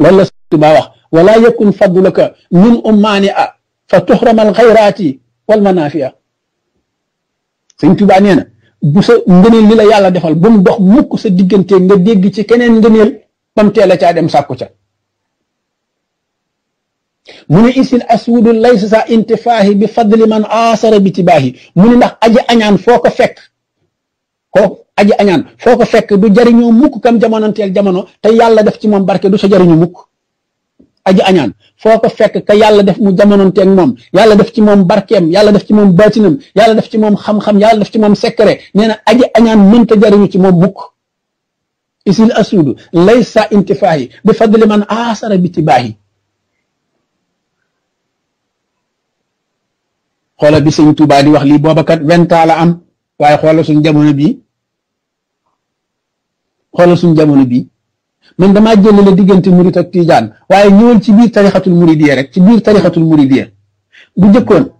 loolu la Sëñ Tuubaa wax wala yakun fadluka min ummaani a fa tuxramal xayraati wal manafia sëñ Tuubaa nee na bu sa ngëneel li la yàlla defal bu mu dox mukk sa diggante nga dégg ci keneen ngëneel bam teel a caa dem sàkku ca mu ne isil asuudu laysa sa intifaahi bi fadli man aasara bi tibaahi mu ne ndax aji añaan foo ko fekk ko aji añaan foo ko fekk du jariñoo mukk kam jamonanteel jamono te yàlla def ci moom barke du sa jariñu mukk aji añaan foo ko fekk ka yàlla def mu jamonoonteeg moom yàlla def ci moom barkeem yàlla def ci moom baatinam yàlla def ci moom xam-xam yàlla def ci moom secret nee na aji añaan mënta jariñu ci moom mukk isil asuudu laysa intifaahi bi fadli man aasara bi tibaahi xoola bi sëñ Tuubaa di wax lii boobakat vingt ans la am waaye xoola suñ jamono bii xoola suñ jamono bii man damaa jëlale diggante murit ak tijaan waaye ñëwal ci biir tarixatul muridiyya rek ci biir tarixatul muridiyya bu njëkkoon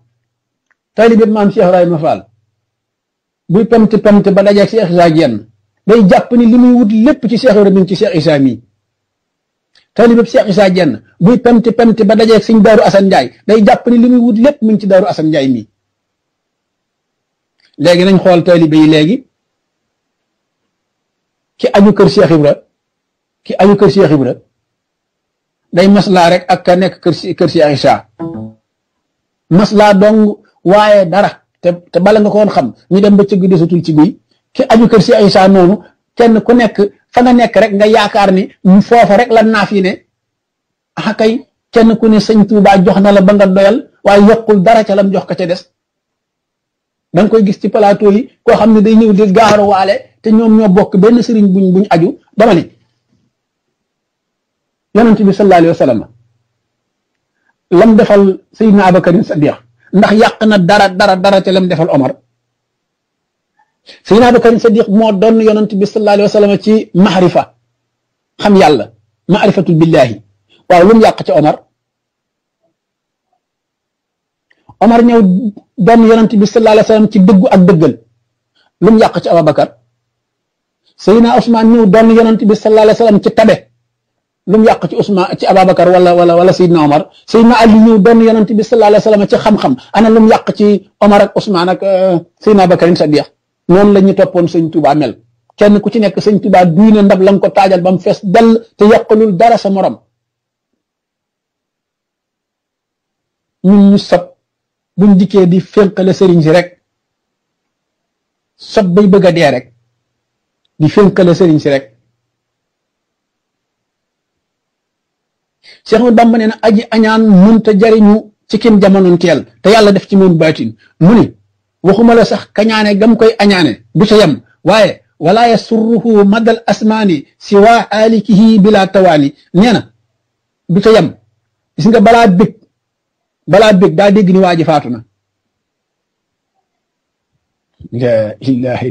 taalibeb maam Cheikh Ibrahima Fall buy pemte pemte ba dajeeg Cheikh Isa genn day jàpp ni li muy wut lépp ci Cheikh Ibrahima ci Cheikh Isa mii taalibeb Cheikh Isa genn buy pemte pemte ba dajeeg siñ daaru Assane Ndiaye day jàpp ni li muy wut lépp mu ngi ci daaru Assane Ndiaye mii léegi nañ xool taalibe yi léegi ki aju kër Cheikh Ibrahima ki aju kër Cheikh Ibra day maslaa rek ak nekk kër si kër Cheikh Isaa maslaa dong waaye dara te te bala nga ko woon xam ñu dem ba cëgg desatul ci guy ki aju kër Cheikh Isaa noonu kenn ku nekk fa nga nekk rek nga yaakaar ni foofa rek la naaf yi ne kay kenn ku ne sëñ Tuubaa jox na la ba nga doyal waaye yokkul dara ca lam jox ko ca des da koy gis ci plateau yi koo xam ne day ñëw di gaaro te ñoom ñoo bokk benn sëriñ buñ buñ aju dama ne yonent bi sallallahu alayhi wa sallam lam defal Seydina Abubakarin Sadiq ndax yàq na dara dara dara ca lam defal Omar Seydina Abubakarin Sadiq moo doon yonent bi sallallahu alayhi wa ci maxarifa xam yàlla maarifatul billahi waaw lu mu yàq ca Omar Omar ñëw doon yonent bi sallallahu alayhi wa sallam ci dëggu ak dëggal lu mu yàq ca Abubakar Seydina Ousmane ñëw doon yonent bi sallallahu alayhi wa sallam ci tabe lu mu yàq ci Ousmane ci Ababacar wala wala wala Seydina Omar Seydina Ali ñëw benn yonent bi sallallahu alayhi wa sallam ci xam-xam ana lu mu yàq ci Omar ak Ousmane ak euh, Seydina Abubakarin Sadiq noonu la ñu toppoon sëñ Touba mel kenn ku ci nekk sëñ Touba duy na ndab la nga ko taajal ba mu fees dell te yàqalul dara sa morom ñun ñu sob buñ dikkee di fénqale sëriñ si rek sob bay bëgg a dee rek di fénqale sëriñ si rek Cheikh Ahmad Bamba nee na aji añaan mënta jariñu ci kim jamonoon teel te yàlla def ci moom baatin mu ni waxuma la sax kañaane gam koy añaane du ca yem waaye wala yasurruhu madal asmaani siwa alikihi bila tawaani nee na du ca yem gis nga balaa bég balaa bég daa dégg ni waa ji faatu na la ilaha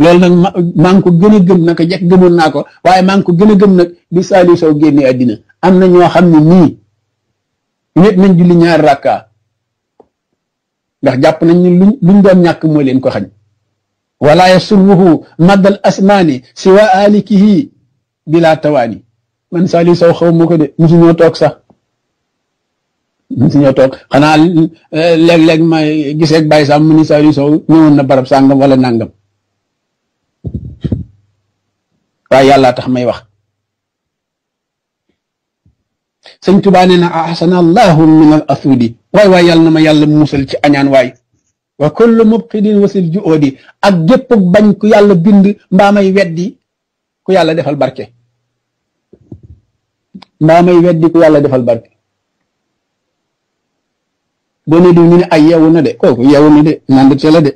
loolu nag ma maa ngi ko gën a gëm nag jekk gëmoon naa ko waaye maa ngi ko gën a gëm nag bi Saliou génne àddina am na ñoo xam ne nii nit nañ julli ñaari rakka ndax jàpp nañ ni luñ luñ ñàkk moo leen ko xañ wala yasurruhu maddal asmaani siwa alikihi bila tawaani man Saliou saw xaw ma ko de musu ñoo toog sax musu ñoo toog xanaa euh, léeg-léeg ma gisee ak Baye Sam mu ni Saliou Sow na barab sàngam walla nàngam waaye yàlla tax may wax sëñ tubaa nee na ahsana min al asuudi waay waay yàlla na ma yàlla musal ci añaan waay wa kullu mubqidin wasil juudi ak gépp bañ ku yàlla bind mbaa may weddi ku yàlla defal barke mbaa may weddi ku yàlla defal barke boo ne diw ñu ne ay de kooku yeewu na de nandute la de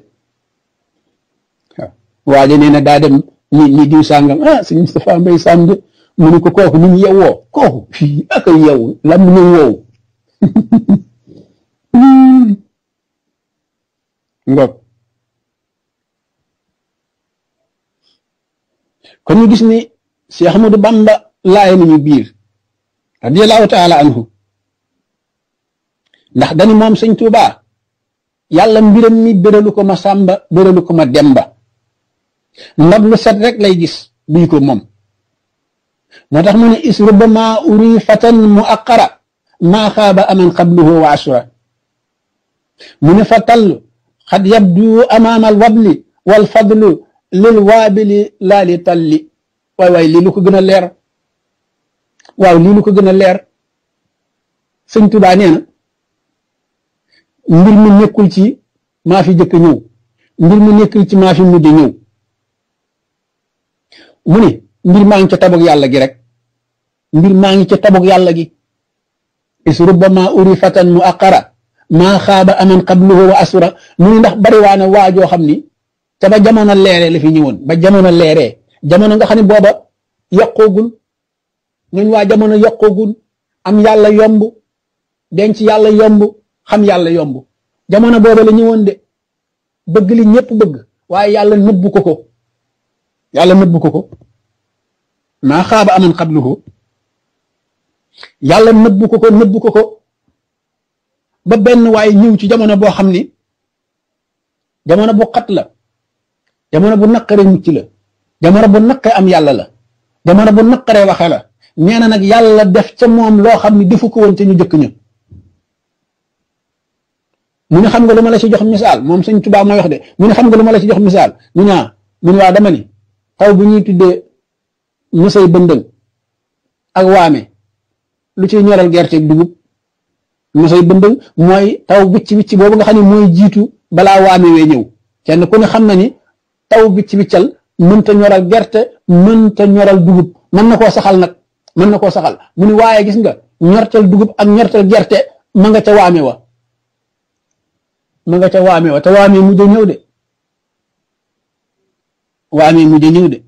waaw waaja nee na daa dem ñi ñi mu ne ko yewwoo kooku fii ak yeewu lam mu ne woow kon ñu gis ni Cheikh Ahmadou Bamba laay e nañu biir radiallahu taala anhu ndax dani moom sëñ Tuubaa yàlla mbiram mi béralu ko ma sàmba béralu ko ma demba ndab lu set rek lay gis buy ko moom moo tax mu ne is rubbama uri fatan mu aqara maa xaaba aman qabluhu wa asra mu ne fa tall xad yabdu amaama alwabli walfadlu lil waabili laa li talli waay waay lii lu ko gën a leer waaw lii lu ko gën a leer sëñ Tuubaa nee na mbir nekkul ci ma fi jëkk ñëw mbir mi nekkul ci maa fi mujj ñëw mbir maa ngi ca tabog yàlla gi rek mbir maa ngi ca tabog yàlla gi is rubbama mu aqara maa xaaba aman qabluhu wa asura mu ni ndax bariwaane waajoo xam ni te ba jamono leere la fi ñëwoon ba jamono leeree jamono nga xam ne booba yokkoogul ñun waa jamono yokkoogul am yàlla yomb denc yàlla yomb xam yàlla yomb jamono booba la ñëwoon de bëgg li ñëpp bëgg waaye yàlla nëbbu ko ko yàlla nëbbu ko ko maa xaaba aman xabluhu yàlla nëbbu ko ko nëbbu ko ko ba benn waaye ñëw ci jamono boo xam ni jamono bu xat la jamono bu naqaree mucc la jamono bu naqaree am yàlla la jamono bu naqaree waxe la nee na nag yàlla def ca moom loo xam ni defu ko woon ca ñu jëkk ña mu ne xam nga lu ma la ci jox misaal moom sëñ Tuubaa mooy wax de mu ne xam nga lu ma la ci jox misaal ñu naa ah, mu ne waa dama ni xaw bu ñuy tuddee mësay bëndëng ak waame lu ciy ñoral gerte dugub mësay bëndëng mooy taw wicc wicc boobu nga xam ne mooy jiitu balaa waame wee ñëw kenn ku ne xam na ni taw wicc wiccal mënta ñoral gerte mënta ñoral dugub mën na koo saxal nag mën na koo saxal mu ni waaye gis nga ñortal dugub ak ñortal gerte ma nga ca waame wa ma nga ca waame wa te waame mujj ñëw de waame mujj ñëw de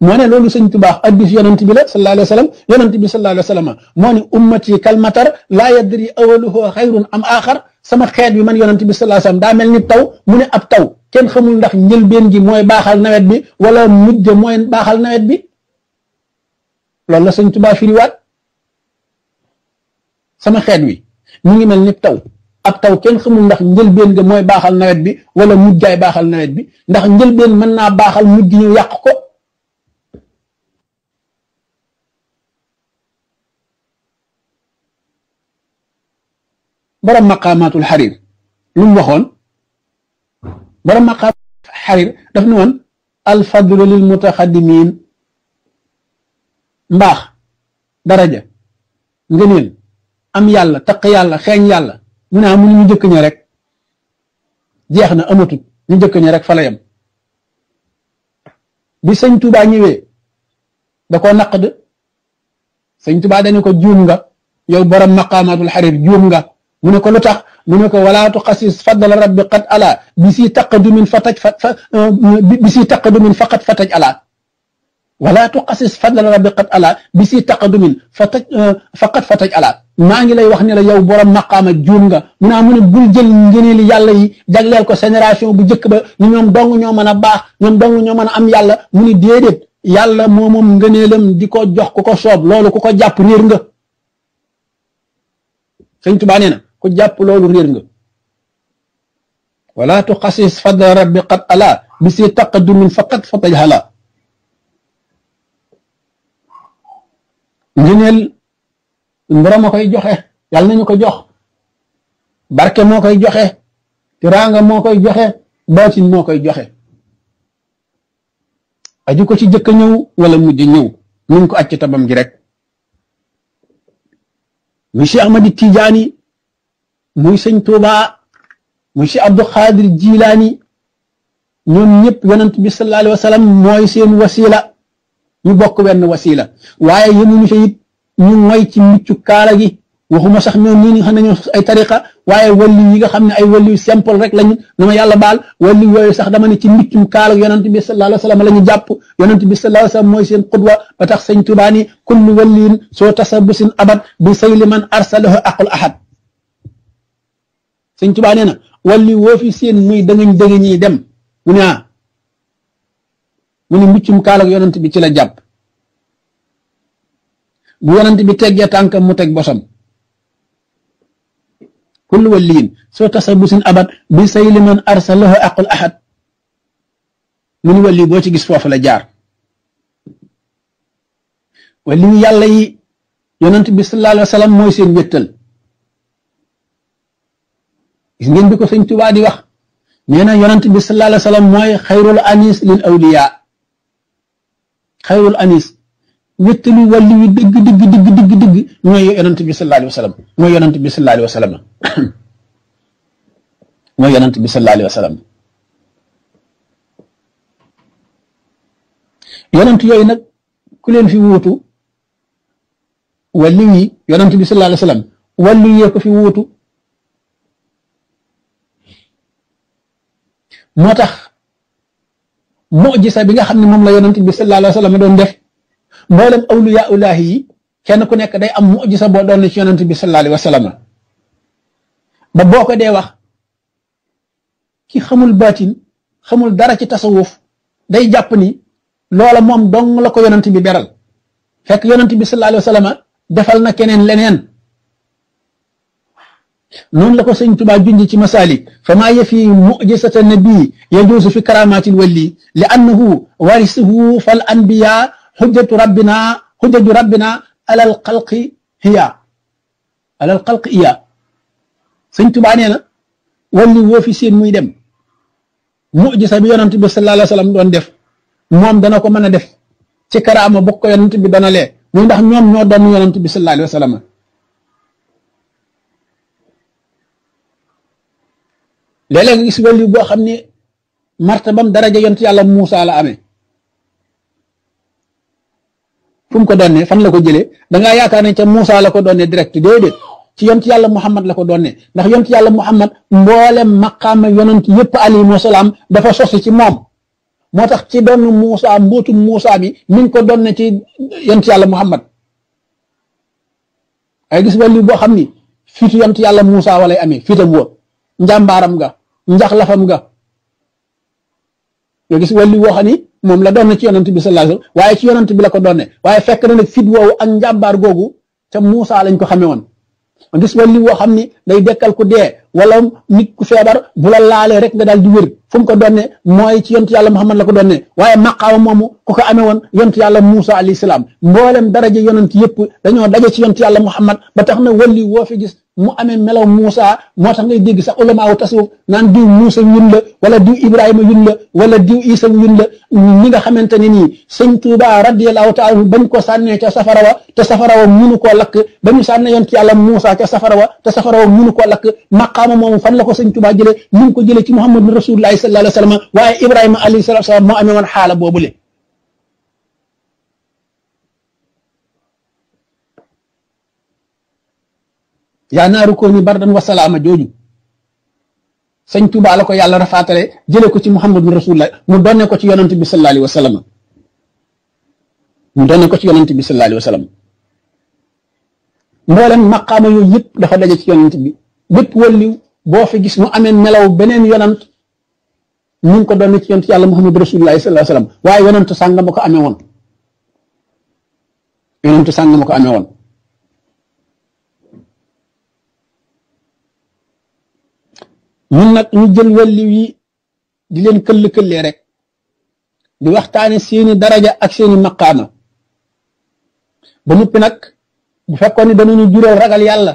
moo loolu sëñ Tuubaa addis yonent bi la sallallahu alayhi wa sallam yonent bi sallallahu alayhi wa sallam moo ni ummati kalmatar laa yadri awaluhu xayrun am axar sama xeet bi man yonent bi sallallahu alayhi wa sallam daa mel ni taw mu ne ab taw kenn xamul ndax njëlbeen gi mooy baaxal nawet bi wala mujj mooy baaxal nawet bi loolu la sëñ Tuubaa firiwaat sama xeet wi mu ngi mel ni taw ab taw kenn xamul ndax njëlbeen ga mooy baaxal nawet bi wala mujjaay baaxal nawet bi ndax njëlbeen mën naa baaxal mujj ñu yàq ko borom maqaamaatul xarir lu mu waxoon borom maqaamaatul xarir daf ne woon alfadlu lil mutaxaddimin mbaax daraja ngëneel am yàlla taq yàlla xeeñ yàlla mu ne amul ah, ñu jëkk rek jeex na amatut ñu jëkk ña rek fala la yem bi sëñ Touba ñëwee da koo naqd sëñ Touba dañu ko juum nga yow borom maqaamaatul xarir juum nga mu ne ko lu tax mu ne ko walaa tuxasis fadla rabbi qad ala bi si taqadumin fataj bi si taqadumin faqat fataj ala walaa tuxasis fadla rabbi qad ala bi si taqadumin fataj eh, faqat fataj ala maa ngi lay wax ni la yow borom maqaama juum nga mu naa ah, mu ne bul jël ngëneeli yàlla yi jagleel ko génération bu njëkk ba ni ñoom dong ñoo mën a baax ñoom dong ñoo mën a am yàlla mu ni déedéet yàlla moo moom ngëneelam di ko jox ko ko soob loolu ko ko jàpp réer nga sëñ Tuubaa na ku jàpp loolu réer nga wala tuxasis fadla rabbi qad ala bi si taqadumin faqat fatajhala ngëneel borom a koy joxe yàlla nañu ko jox barke moo koy joxe raanga moo koy joxe baatin moo koy joxe aju ko ci jëkk ñëw wala mujj ñëw nuñ ko acc tabam ji rek mu Cheikh Ahmadi Tijaani muy sëñ Tuuba muy si Abdu Xaadir Jilaani ñoom ñëpp yonent bi sallallahu wa sallam mooy seen wasila ñu bokk wenn wasila waaye yemuñu si it ñu moy ci muccu kaala gi waxuma sax ñoom ñii nga xam ne ñoo ay tariqa waaye walli yi nga xam ne ay walli simple rek lañu na ma yàlla baal walli yooyu sax dama ne ci muccum kaala yonent bi sallallahu alayhi wa sallam la ñu jàpp yonent bi sallallahu alayhi wa sallam mooy seen xudwa ba tax sëñ Tuuba ni kullu walliin soo tasabusin abad bi man arsalahu aqul ahad sëñ Tuubaa nee na walli woo fi seen muy dëngëñ dëngëñi dem mu ne ah mu ne muccum kaalag yonent bi ci la jàpp bu yonent bi teggee tànkam mu teg bosam kullu waliyin soo tasa busin abat bi say liman arsalahu aqul ahad mu ni wali boo ci gis foofu la jaar wali yàlla yi yonent bi sallallahu alayhi wa sallam mooy seen gis ngeen bi ko sëñ Tuubaa di wax nee na yonent bi sallallahu alayhi mooy xayrul anis lil awliyaa xayrul anis wéttalu wàllu wi dëgg dëgg dëgg mooy yonent bi sallallahu alayhi wa sallam mooy yonent bi sallallahu alayhi wa sallam mooy yonent bi sallallahu alayhi wa sallam yonent yooyu nag ku leen fi wuutu wàllu bi sallallahu alayhi wa sallam ko fi wuutu moo tax mujisa bi nga xam ne moom la yonent bi sallallahu alayhi wa sallam doon def mboolem awliyaa ulaahi yi kenn ku nekk day am mujisa boo doon ci yonent bi sallallahu alayhi wa sallam ba boo ko dee wax ki xamul baatin xamul dara ci tasawuf day jàpp ni loola moom dong la ko yonent bi beral fekk yonanti bi sallallahu alayhi wa sallam defal na keneen leneen noonu la ko sëñ Tuubaa junj ci masaalik famaa yafi mujisata nabii yajuusu fi karaamaatil walli li annahu warisuhu fal anbiya xujjatu rabbina xujjatu rabbina alal xalqi hiya alal xalqi hiya sëñ Tuubaa nee na walli woo fi seen muy dem mujisa bi yonent bi sallallahu alayhi wa sallam doon def moom dana ko mën a def ci karaama bokk yonent bi dana lee muy ndax ñoom ñoo doon yonent bi sallallahu alayhi wa sallam léeg-léeg nga gis wàllu boo xam ne martabam daraja yonent yàlla Muusa la amee fu mu ko doonee fan la ko jëlee da yaakaar nañ ca Muusa la ko doonee direct déedéet ci yonent yàlla Muhammad la ko doonee ndax yonent yàlla Muhammad mboolem maqaama yonent yëpp alayhi salaam dafa sosi ci moom moo tax ci doon Muusa mbootum Muusa bi mi ngi ko doonee ci yonent yàlla Muhammad ay gis wàllu boo xam ni fitu yonent yàlla Muusa walay amee fitam woo njàmbaaram nga njaxlafam nga nga gis wàllu woo xam ni moom la doon na ci yonent bi sa alayhi waaye ci yonent bi la ko doon ne waaye fekk na nag fit woowu ak njàmbaar googu te Muusa lañ ko xamee woon gis wàllu woo xam ni day dekkal ku dee wala nit ku feebar bu la laalee rek nga daal di wér fu ko doonne mooy ci yontu yàlla Muhammad la ko doonne waaye maqaama moomu ku ko amee woon yontu yàlla Muusa alayhi salaam mboolem daraja yonent yëpp dañoo daje ci yontu yàlla Muhammad ba tax na wali woo fi gis mu amee melaw Muusa moo tax ngay dégg sax ulama wu tasawuf naan diw Muusa yun la wala diw Ibrahima yun la wala diw Isa yun la ñi nga xamante ne nii sëñ Tuuba radiyallahu taala bañ ko sànnee ca safara wa te safara wa munu koo lakk ba ñu sànnee yontu yàlla Muusa ca safara wa te safara wa koo lakk maqaama moomu fan la ko sëñ Tuubaa jëlee mu ngi ko jëlee ci Muhammadu Rasulullaahi sallallaahu alayhi wa sallam waaye Ibrahima alayhi salaatu wa salaam moo amee woon xaala boobule. yaa naaru kooni bardan wa salaama jooju sëñ Tuubaa la ko yàlla rafaatale jëlee ko ci Muhammadu Rasulullaahi mu donne ko ci yonent bi sallallaahu alayhi wa sallam ko ci yonent bi sallallaahu alayhi wa sallam dafa daje ci yonent bi. bépp wëlliw boo fi gis mu amee melaw beneen yonant mu ko doon ci yonant yàlla muhammad rasulullahi sallallahu alayhi wa sallam waaye yonantu sàng ma ko amee woon yonantu sàng ma ko amee woon ñun nag ñu jël wëlliw yi di leen këll-këllee rek di waxtaane seeni daraja ak seeni maqaama ba noppi nag bu fekkoon ni danañu jural ragal yàlla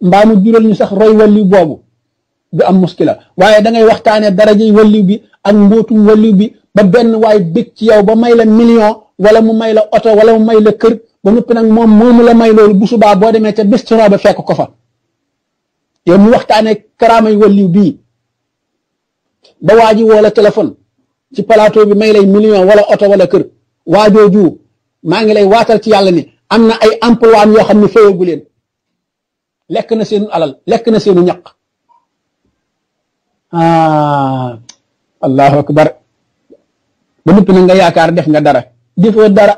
mbaa mu jural ñu sax roy walliw boobu du am muskila waaye da ngay waxtaanee darajey walliw bi ak mbootum walliw bi ba benn waay bég ci yow ba may la million wala mu may la oto wala mu may la kër ba noppi nag moom moomu la may loolu bu subaa boo demee ca bis ba fekk ko fa yow mu waxtaanee karaamay walliw bii ba waa ji woo la téléphone ci plateau bi may lay million wala oto wala kër waajooju maa ngi lay waatal ci yàlla ni am na ay emploi yoo xam ne fayagu leen lekk na seenu alal lekk na seenu ñaq ah allahu akbar ba noppi na nga yaakaar def nga dara defoo dara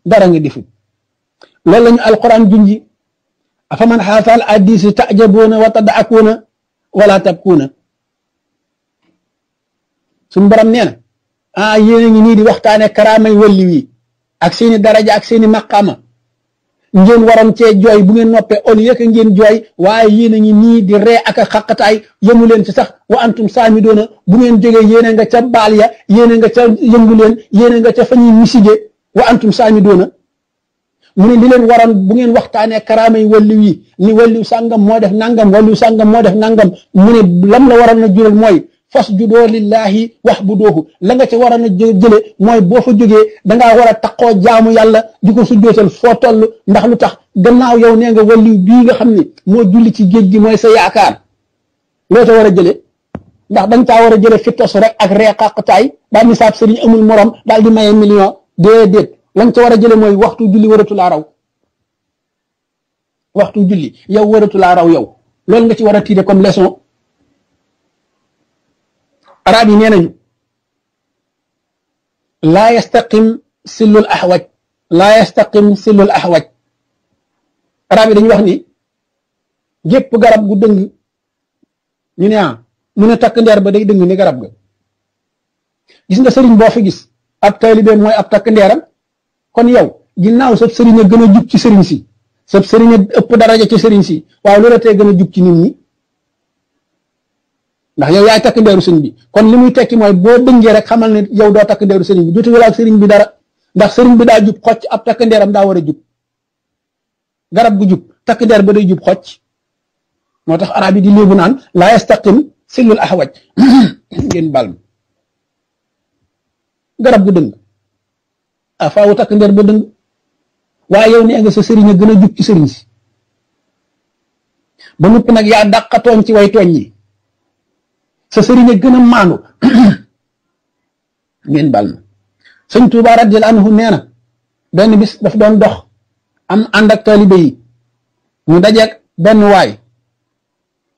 dara nga defut loolu la ñu alquran junji afaman xaasaal addisi tajaboona wa tadaakuuna wala tabkuuna suñu borom nee na ah a ngi nii di waxtaane karaamay wi ak seeni daraja ak seeni maqaama ngeen waran cee jooy bu ngeen noppee au lieu que ngeen jooy waaye yéen a ngi nii di ree ak a xaqataay yëmu leen ci sax wa antum saami doona bu ngeen jógee yéen a nga ca baal ya yéen nga ca yëngu leen yéen a nga ca fa ñuy wa antum saami doona mu ne di leen waroon bu ngeen waxtaanee karaamay wàllu yi ni wàllu sàngam moo def nangam wàllu sàngam moo def nangam mu ne lam la waroon na jural mooy fasjudoo lillahi wahbuduhu la nga ci war a jële mooy boo fa jógee danga war a jaamu yàlla di ko sujjootal foo toll ndax lu tax gannaaw yow nee nga wàllu bii nga xam ni moo julli ci géej gi mooy sa yaakaar loo ca war a jële ndax da nga caa war a jële fittos rek ak reeqaqtaay daal ni saab sëriñ amul morom daal di million déedéet la nga ca war a jële mooy waxtu julli waratu laa raw waxtu julli yow waratu laa raw yow loolu nga ci war a tiire comme leçon arab yi nee nañu laa yastaqim sillul axwaj laa yastaqim sillul axwaj arab yi dañuy wax ni gépp garab gu dëng ñu ne a ah, mu a takk ndeer ba day dëng ni garab ga gis nga sëriñ boo fi gis ab taalibeem mooy ab takk ndeeram kon yow ginnaaw sab sëriñ a gën a jub ci sëriñ si sab sëriñ a ëpp daraja ci sëriñ si waaw lu la tee gën a jub ci nit ñi ndax yow yaay takk ndeeru sëriñ bi kon li muy tekki mooy boo dëngee rek xamal ne yow doo takk ndeeru sëriñ bi jotewul ak sëriñ bi dara ndax sëriñ bi daa jub xocc ab takk ndeeram daa war a jub garab gu jub takk ba day jub xocc moo tax arab yi di léebu naan laa yastaqim sillul ahwaj garab gu dëng a ah, faawu ba dëng waaye yow nga sa sëriñ a gën a jub ci sëriñ ba noppi nag yaa dàqatooñ ci way tooñ yi sa sëriñ a gën a maandu ngeen bal ma sëñ Tuuba radiyallaahu anhu nee na benn bis daf doon dox am ànd ak taalibe yi mu dajeek benn waay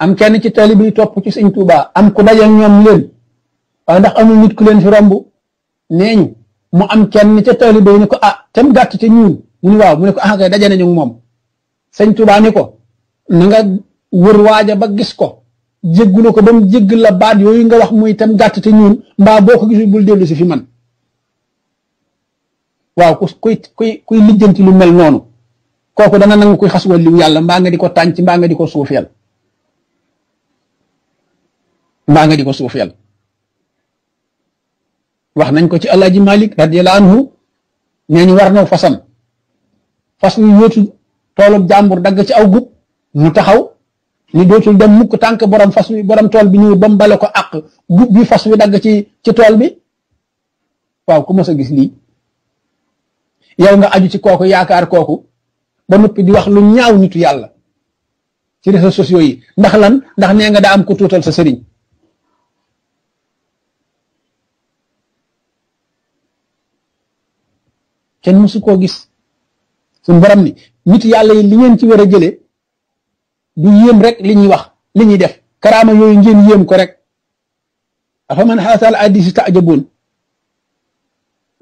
am kenn ci taalibe yi topp ci sëñ Tuuba am ku dajeek ñoom leen waaye ndax amul nit ku leen fi romb nee ñu mu am kenn ci taalibe yi ko ah ten gàtt ci ñuul mu ni waaw mu ne ko ah kay daje nañu moom sëñ Tuuba ni ko na nga wër waaja ba gis ko jéggula ko ba mu jégg la baat yooyu nga wax muy tam gàtt te ñuul mbaa boo ko gisul bul dellu si fi man waaw ku kuy kuy kuy lijjanti lu mel noonu kooku dana nangu kuy xas wàllu yàlla mbaa nga di ko tànc mbaa nga di ko suufeel mbaa nga di ko suufeel wax nañ ko ci Alaaji Malik radiyallahu anhu nee ñu war naw fasam fas yu yóotu toolub jàmbur dagg ci aw gub mu taxaw li dootul dem mukk tànk borom fas wi borom tool bi ñuy ba mu bale ko àq gub bi fas wi dagg ci ci tool bi waaw ku mës gis lii yow nga aju ci kooku yaakaar kooku ba noppi di wax lu ñaaw nitu yàlla ci réseaux sociaux yi ndax lan ndax nee nga daa am ku tuutal sa sëriñ kenn mësu koo gis su borom ni nit yàlla yi li ngeen ci war a jëlee du yéem rek li ñuy wax li ñuy def karaama yooyu ngeen yéem ko rek afa man xaasal addisi taajaboon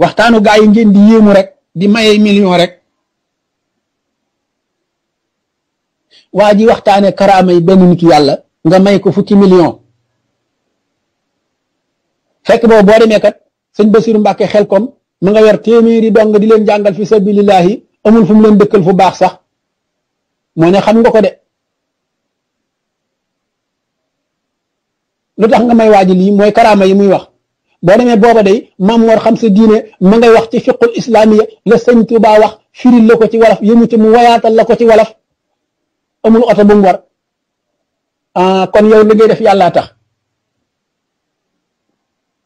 waxtaanu gaa yi ngeen di yéemu rek di maye million rek waa ji waxtaane karaama yi benn nitu yàlla nga may ko fukki million fekk boobu boo demee kat sëñ Basiru Mbàkke xel kom mu nga yor téeméeri dong di leen jàngal fi sabilillahi amul fu mu leen dëkkal fu baax sax moo ne xam nga ko de lu tax nga may waaji lii mooy karaama yi muy wax boo demee booba day maam war xam sa diine wax ci fiqul islaamiya la sëñ Tuubaa wax firil la ko ci wolof yëmu ci mu wayaatal la ko ci wolof amul oto bu war ah, kon yow li ngay def yàlla tax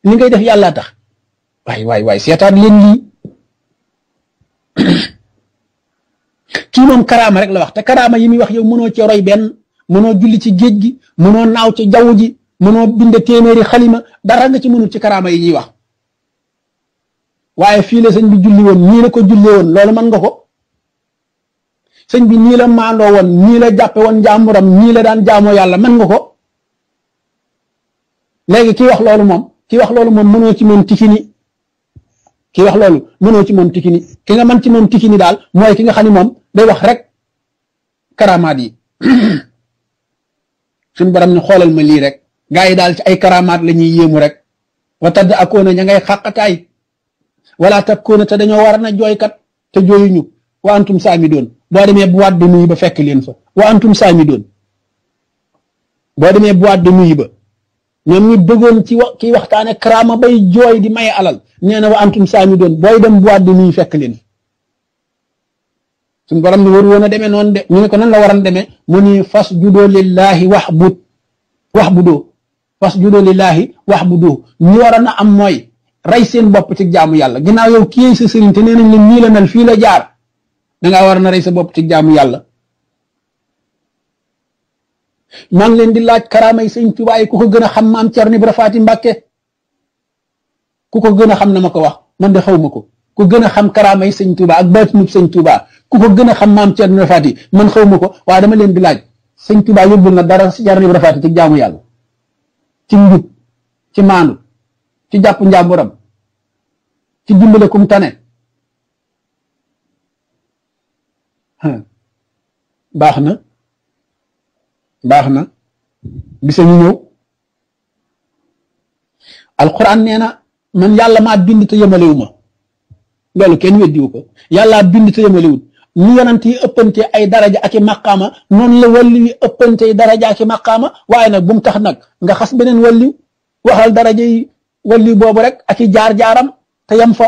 li ngay def yàllaa tax waay waay waay seetaat leen lii kii karaama rek la wax te karaama yi muy wax yow mënoo ci benn mënoo julli ci géej gi mënoo naaw ci jaww ji mënoo bind téeméeri xalima dara nga ci mënul ci karaama yi ñuy wax waaye fii la sëñ bi julli woon nii ko julli woon loolu man nga ko sëñ bi nii la maandoo woon nii la jàppe woon jaamuram nii la daan jaamoo yàlla mën nga ko léegi ki wax loolu moom ki wax loolu moom mënoo ci moom tikini ki wax loolu mënoo ci moom tikini ki nga mën ci moom tikini daal mooy ki nga xam ne moom day wax rek karaamaat yi suñ borom ni xoolal ma lii rek gaa yi daal ci ay karamaat la ñuy yéemu rek wa tadd akoona ña ngay xàqataay wala takkoona te dañoo war na jooykat te jooyuñu wa antum saami doon boo demee bu de nuit ba fekk leen fa wa antum saami doon boo demee boîte de nuit ba ñoom ñu bëggoon ci wa kiy waxtaane karaama bay jooy di maye alal nee wa antum saami doon booy dem boîte de nuit fekk leen fa suñu borom ni waru woon a demee noonu de ñu ne ko nan la waran demee mu ni fas judoo lillahi wax but wax do fasjudu lillahi wahbudu ñu waroon a am mooy rey seen bopp ci jaamu yàlla ginnaaw yow ki sa sëriñ te nee nañ la fii la jaar dangaa war na rey sa bopp ci jaamu yàlla maa ngi leen di laaj karaamay sëñ Tuubaa ku ko gën a xam maam Cerno Ibra Faati Mbàkke ku ko gën a xam na ma ko wax man de xaw ma ko ku gën a xam karaamay sëñ Tuubaa ak baatinub sëñ Tuubaa ku gën a xam maam Cerno Ibra Faati man xaw ko waaye dama leen di laaj sëñ Tuubaa yóbbul na dara si Cerno Ibra ci jaamu yàlla ci njub ci maandu ci jàpp njàmburam ci dimbale kum tane baax na baax na bisa ñu ñëw alquran nee na man yàlla maa bind te yëmalewuma loolu kenn weddiwu ko yàllaa bind te yëmalewut ni yonent yi ëppante ay daraja ak i maqaama noonu la walli yi ëppante ay daraja ak i maqaama waaye nag bu tax nag nga xas beneen walli waxal daraja yi walli boobu rek ak i jaar-jaaram te yem fa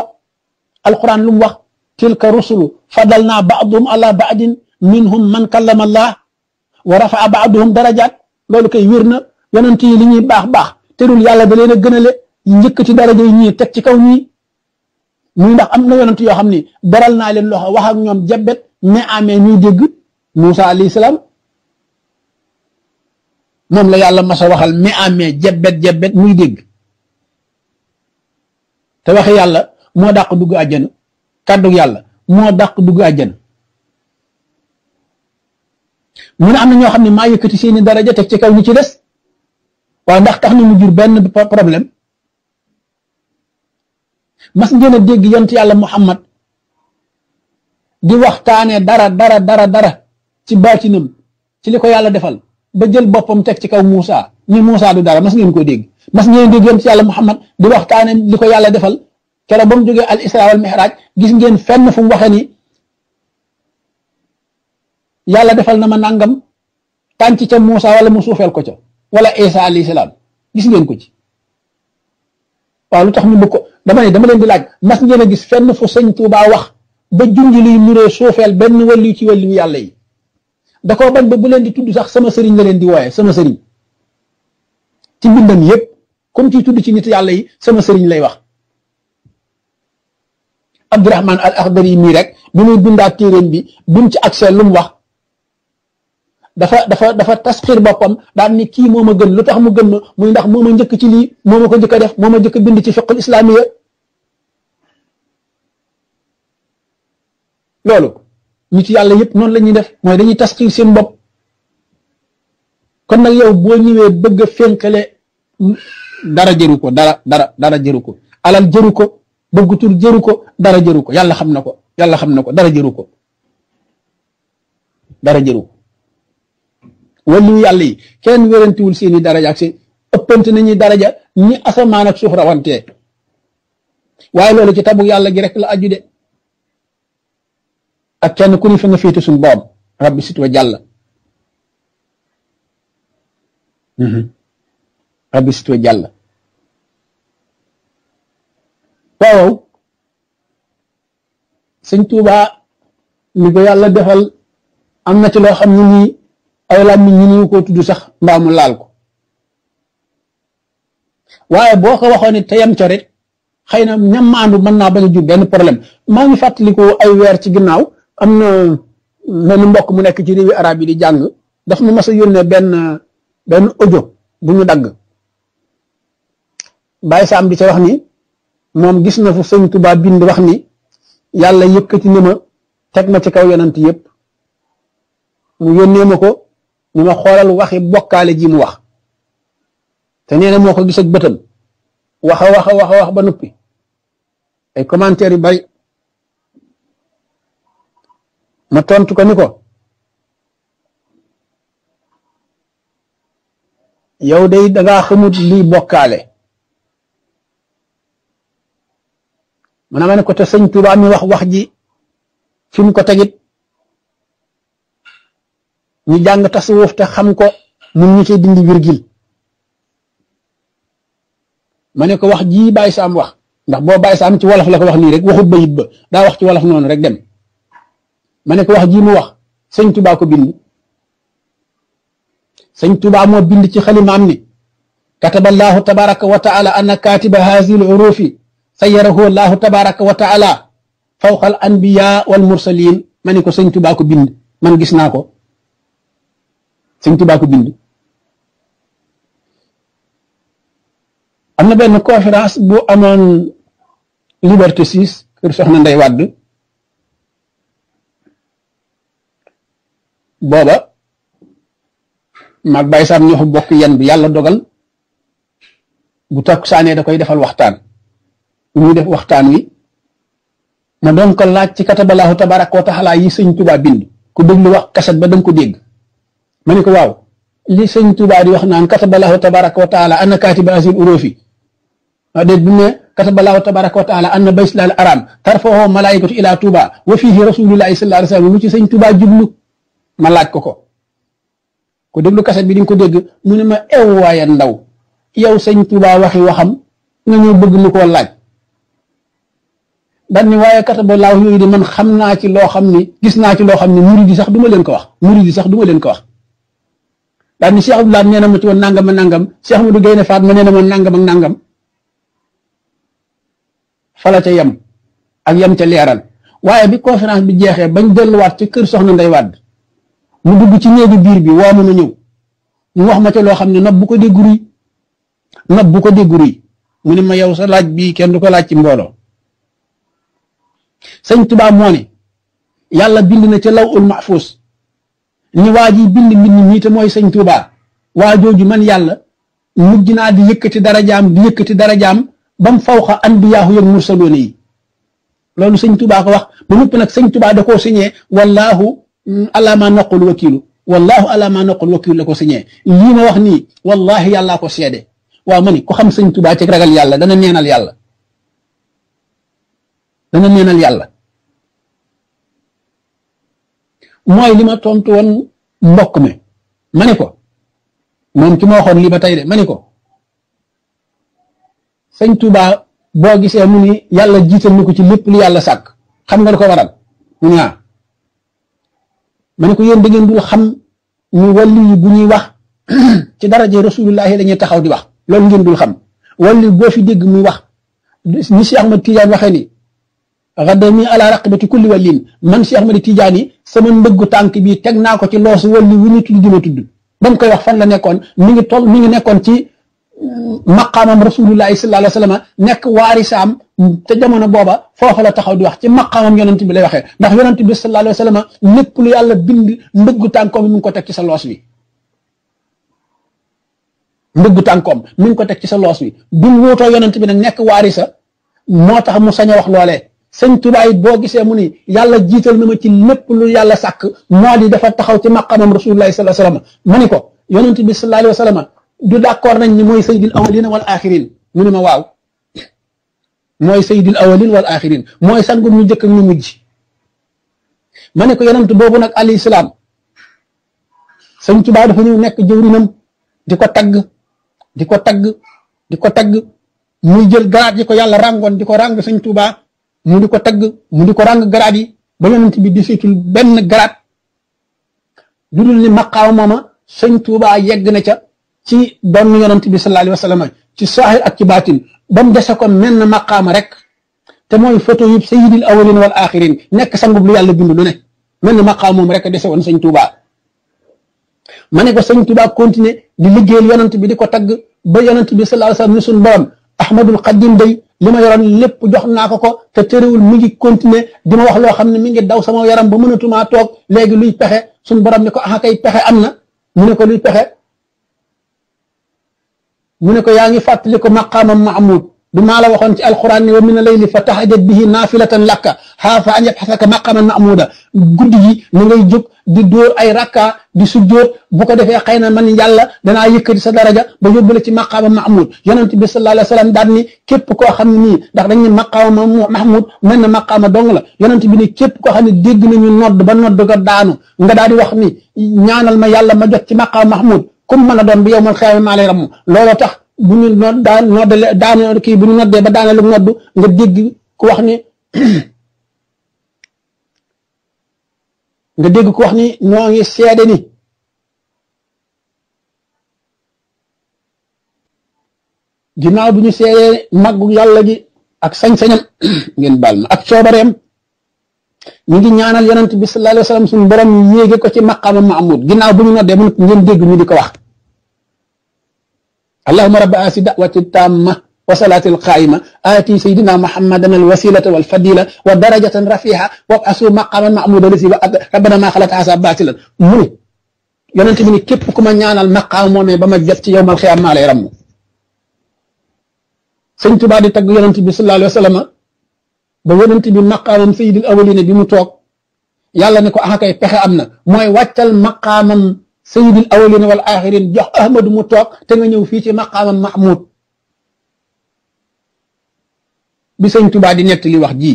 alquran lu mu wax tilka rusulu fadalnaa ba'dahum ala ba'din minhum man kallama allah wa rafa'a ba'dahum darajaat loolu kay wér na yonent yi li ñuy baax baax te dul yàlla da leen a gënale yëkkati daraja yi ñii teg ci kaw ñii muy ndax am na yonent yoo xam ni baral naa leen loxo wax ak ñoom jabet ne amee ñuy dégg Moussa alayhi salaam moom la yàlla masa waxal mi amee jebet jebet muy dégg te waxe yàlla moo dàq dugg àjjana kàddu yàlla moo dàq dugg àjjana mu ne am na ñoo xam ne maa yëkkati seeni daraja teg ci kaw ñi ci des waaw ndax tax na mu jur benn problème mas ngeen a dégg yont yàlla muhammad di waxtaane dara dara dara dara ci baatinam ci li ko yàlla defal ba jël boppam teg ci kaw Moussa ni Moussa du dara mas ngeen ko dégg mas ngeen dégg yont yàlla muhammad di waxtaane li ko yàlla defal keroog ba mu jógee al isra wal mihraj gis ngeen fenn fu mu ni yàlla defal na ma nangam tànc ca Moussa wala mu suufeel ko ca wala Isa alayhi salaam gis ngeen ko ci waaw lu tax ñu bëgg ko dama ne leen di laaj mas ngeen a gis fenn fu sëñ Tuubaa wax ba junj luy nuroo suufeel benn wàllu ci wàllu yàlla yi da koo bañ ba bu leen di tudd sax sama sëriñ la leen di wooye sama sëriñ ci mbindam yépp comme ci tudd ci nit yàlla yi sama sëriñ lay wax Abdurahman al Axdari mii rek bi muy bindaat téeréen bi bi ci accès lu mu wax dafa dafa dafa tasxiir boppam daan ni kii moom ma gën lu tax mu gën ma muy ndax moo ma njëkk ci lii moo ma ko njëkk a def moo ma njëkk a bind ci fiqul islaamiya loolu nit yàlla yëpp noonu la def mooy dañuy tasxiir seen bopp kon nag yow boo ñëwee bëgg a fénkale dara jëru ko dara dara dara ko alal jëru ko bëgg jëru ko dara jëru yàlla xam na ko yàlla xam na ko dara jëru ko dara jëru wàllu yàlla yi kenn wérantiwul seeni daraja ak seen ëppante nañuy daraja ñi asamaan ak suuf rawantee waaye loolu ci tabu yàlla gi rek la aju de ak kenn ku ni fa nga féete suñu borom rabbi sit wa jàll mhm. rabbi sit wa jàll waaw sëñ Tuubaa li ko yàlla defal am na ci loo xam ne nii ay laaj ñu ñu ko tudd sax mbaa mu laal ko waaye boo ko waxoon it te yem ca rek xëy na ñam maandu mën naa bañ a benn problème maa ngi fàttaliku ay weer ci ginnaaw am na mel uh, mbokk mu nekk ci réewi arab yi di jàng daf ñu mas yónnee benn benn audio bu ñu dagg Baye Sam bi ca wax ni moom gis na fu sëñ Tuubaa bind wax ni yàlla yëkkati na ma teg ma ci kaw yonent yëpp mu yónnee ma ko. ni ma xoolal waxi bokkaale ji mu wax te nee na moo ko gis ak bëtam waxa waxa wax ba noppi ay commentaire yu bari ma tontu ko ni ko yow day dangaa xamut lii bokkaale maanaam ma ne ko te sëñ Tuubaa mi wax wax ji fi mu ko tegit ñu jàng tasawuf te xam ko mun ñu cee dindi virgule ma ne ko wax ji bàyyi saam wax ndax boo bàyyi saam ci wolof la ko wax nii rek waxu bayit ba daa wax ci wolof noonu rek dem ma ne ko wax ji mu wax sëñ tubaa ko bind sëñ tubaa moo bind ci xalimaam ni kataba allahu tabaraka wa taala anna katiba haazil urufi sayyarahu allahu tabaraka wa taala fawqa al anbiya wal mursalin ma ne ko sëñ tubaa ko bind man gis naa ko sëñ Tuubaa ko bind am na benn conférence bu amoon liberté 6 kër soxna Ndey Wàdd booba maag Baye Sam ñoo bokk yan bi yàlla dogal gu takk saanee da koy defal waxtaan bu muy def waxtaan wi ma doon ko laaj ci katabalaahu tabaraka wa taala yi sëñ Tuubaa bind ku déglu wax kaset ba danga ko dégg ma ne ko waaw li sëñ Tuubaa di wax naan kataballahu tabaraka wa taala anna katiba asil urufi ah déet bi mu ne kataballahu tabaraka wa taala anna baysilal aram tarfahu malaikatu ila Tuubaa wa fihi rasulullahi sallallahu alayhi wa sallam lu ci sëñ Tuubaa jublu ma laaj ko ko ku déglu kaset bi di ko dégg mu ne ma ew waaye ndaw yow sëñ Tuubaa waxi waxam nga ñëw bëgg lu koo laaj dañ ni waaye kataballahu yooyu de man xam naa ci loo xam ni gis naa ci loo xam ni murid yi sax duma leen ko wax murid yi sax du leen ko wax daal ni Cheikh Abdoulaye nee na ma ci woon nangam ak nangam Cheikh Amadou Guèye Fatma nee na ma nangam ak nangam ca yem ak yem ca leeral waaye bi conférence bi jeexee bañ delluwaat ci kër soxna Ndeye Wade mu dugg ci néegu biir bi woo ma na ñëw mu wax ma ca loo xam ne nopp bu ko déggu ruy nopp bu ko déggu ruy mu ne ma yow sa laaj bii kenn du ko laaj ci mbooloo sëñ Tuubaa moo ne yàlla bind na ca law ul mahfuus li waa ji bind mbind mii te mooy sëñ waa jooju man yàlla mujj naa di yëkkati darajaam di yëkkati darajaam ba mu fawqa anbiyaahu yeeg mursaloon yi loolu sëñ Touba ko wax ba noppi nag sëñ Touba da koo signé wallaahu mm, alaa maa naqul wakiilu wallaahu alaa maa naqul wakiilu ko signé lii ma wax nii wallaahi yàllaa ko seede waaw ma ni ko xam sañ Touba ci ragal yàlla dana neenal yàlla dana yàlla. mooy li ma tontu woon mbokk mi ma ni ko moom ki ma waxoon lii ba tey de ma ni ko sëñ Touba boo gisee mu ni yàlla jiital na ko ci lépp li yàlla sàkk xam nga lu ko waral mu ni ah ma ni ko yéen da ngeen dul xam ni wàllu yi bu ñuy wax ci daraje rasulullahi la ñuy taxaw di wax loolu ngeen dul xam wàllu boo fi dégg muy wax ni Cheikh tiijaan Tidiane waxee ni radami ala raqabati kulli waliin man Cheikh Ahmad Tidiane sama mbëggu tànk bi teg naa ko ci loosu wàllu wu ñu tudd dina tudd ba mu koy wax fan la nekkoon mu ngi toll mi ngi nekkoon ci mm, maqaamam rasulullahi sa alayhi wa sallam nekk waarisaam te jamono booba foofa taxaw di wax ci maqaamam yonent bi lay waxee ndax yonent bi sallallahu alayhi wa sallam lépp lu yàlla bind mbëggu tànkoom mu ngi ko teg ci sa loos wi. ndëggu tànkoom mi ngi ko teg ci sa loos wi bi mu wuutoo yonent bi ne nekk waarisa moo tax mu sañ a wax loole sëñ Tuubaa it boo gisee mu ni yàlla jiital na ma ci lépp lu yàlla sàkk moo di dafa taxaw ci maqamam rasulullah sallallahu alayhi wa sallam ma ni ko yonent bi sallallahu alayhi wa sallam du d'accord nañ ni mooy sayyidil awwalin wal axirin mu ne ma waaw mooy sayyidil awwalin wal axirin mooy sangu ñu njëkk ak ñu mujj ma ne ko yonent boobu nag alayhi salaam sëñ Tuubaa dafa ñëw nekk jëwrinam di ko tagg di ko tagg di ko tagg jël garaat yi ko yàlla ràngoon di ko ràng sëñ Tuubaa mu di ko tagg mu di ko ràng garaat yi ba yonent bi di seetul benn garaat lu dul ni maqaaw mooma sëñ Tuubaa yegg na ca ci doon yonent bi sallallahu alayhi wa ci saahir ak ci baatin ba mu dese ko menn maqaama rek te mooy photo yëpp sayyidil awwalin wal axirin nekk sangub lu yàlla bind lu ne menn maqaam moom rek dese woon sëñ Tuubaa ma ne ko sëñ Tuubaa continuer di liggéeyal yonent bi di ko tagg ba yonent bi sallallahu alayhi wa sallam ni suñ borom ahmadul xadim day li ma yoroon lépp jox naa ko ko te terewul mi ngi continuer di ma wax loo xam ne mi ngi daw sama yaram ba mënatumaa toog léegi luy pexe suñ borom ne ko ah kay pexe am na mu ne ko luy pexe mu ne ko yaa ngi fàttali ko maqaamam mahmud du maa la waxoon ci alquran ne wa min alayli fa tahajat bihi naafilatan lakka xaafa an yabxasaka maqaaman mahmuda guddi gi na ngay jóg di dóor ay rakka di sujjóot bu ko defee xëy na man yàlla danaa yëkkati sa daraja ba yóbbu la ci maqaama mahmud yonent bi sallallahu alayhi wa sallam daan ni képp koo xam ne nii ndax dañ ne maqaama mahmud mel na maqaama dong la yonent bi ne képp koo xam ne dégg nañu nodd ba nodd ga daanu nga daal di wax ni ñaanal ma yàlla ma jot ci maqaama mahmud comme mën a doon bi yow man ma maa lay ramu looloo tax bu ñu nod daan noddale daan kii bu ñu noddee ba daanelu noddu nga dégg ku wax ni nga dégg ko wax ni noo ngi seede ni ginnaaw bi ñu seedee màggu yàlla gi ak sañ-sañam ngeen baal ma ak coobareem ñu ngi ñaanal yonent bi sallallahu alayhi wa sallam suñu borom yéege ko ci maqaama mahmud ginnaaw bu ñu noddee mu ngeen dégg ñu di ko wax ma rabba asi dawati tamma وصلاة القائمة آتي سيدنا محمدا الوسيلة والفضيلة ودرجة رفيعة وابعثوا مقاما محمودا الذي ربنا ما خلت هذا باطلا mu ne yonent bi ni képp ku ma ñaanal maqaam moomee ba ma jot ci yowmal xiyaam maa lay ràmm sëñ Tuubaa di tagg yonent bi sallallahu alayhi wa sallam ba yonent bi maqaamam sayyidil awwalina bi mu toog yàlla ne ko ah kay pexe am na mooy wàccal maqaamam sayyidil awwalina wal axirin jox ma mu toog te nga ñëw fii ci maqaamam Mahmoud. bi sëñ Tuubaa di nett li wax ji